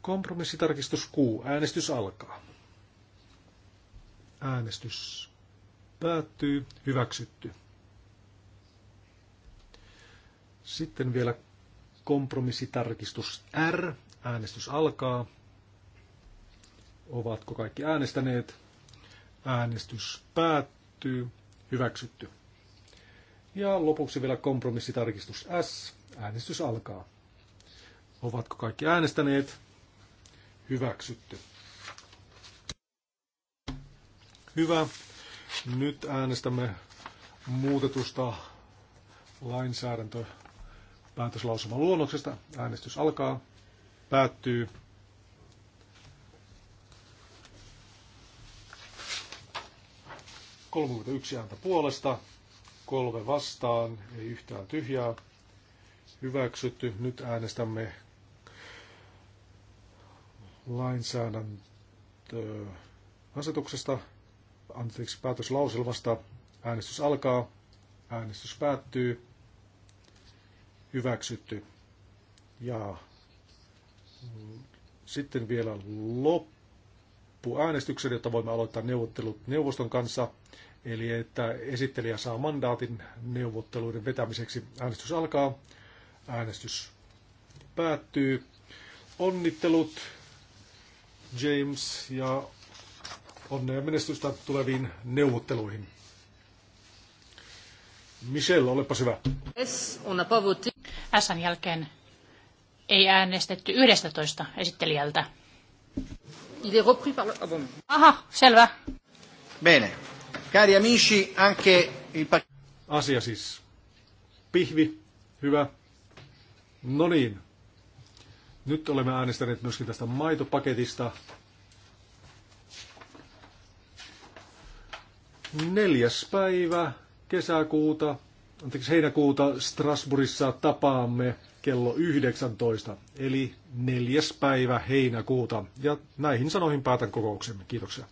Kompromissitarkistus Q. Äänestys alkaa. Äänestys päättyy. Hyväksytty. Sitten vielä kompromissitarkistus R. Äänestys alkaa. Ovatko kaikki äänestäneet? Äänestys päättyy. Hyväksytty. Ja lopuksi vielä kompromissitarkistus S. Äänestys alkaa. Ovatko kaikki äänestäneet? Hyväksytty. Hyvä. Nyt äänestämme muutetusta lainsäädäntöpäätöslausuman päätöslausuman luonnoksesta. Äänestys alkaa, päättyy. yksi ääntä puolesta, kolme vastaan, ei yhtään tyhjää. Hyväksytty. Nyt äänestämme asetuksesta, anteeksi, päätöslauselmasta. Äänestys alkaa, äänestys päättyy, hyväksytty. Ja sitten vielä äänestyksen, jotta voimme aloittaa neuvottelut neuvoston kanssa. Eli että esittelijä saa mandaatin neuvotteluiden vetämiseksi. Äänestys alkaa, äänestys päättyy. Onnittelut James ja onnea menestystä tuleviin neuvotteluihin. Michelle, olepa hyvä. Sän jälkeen ei äänestetty 11 esittelijältä. ah, Aha, selvä. Bene. Cari amici, anche il... Asia siis. Pihvi, hyvä. No niin, nyt olemme äänestäneet myöskin tästä maitopaketista. Neljäs päivä kesäkuuta, anteeksi heinäkuuta Strasbourgissa tapaamme kello 19, eli neljäs päivä heinäkuuta. Ja näihin sanoihin päätän kokouksemme. Kiitoksia.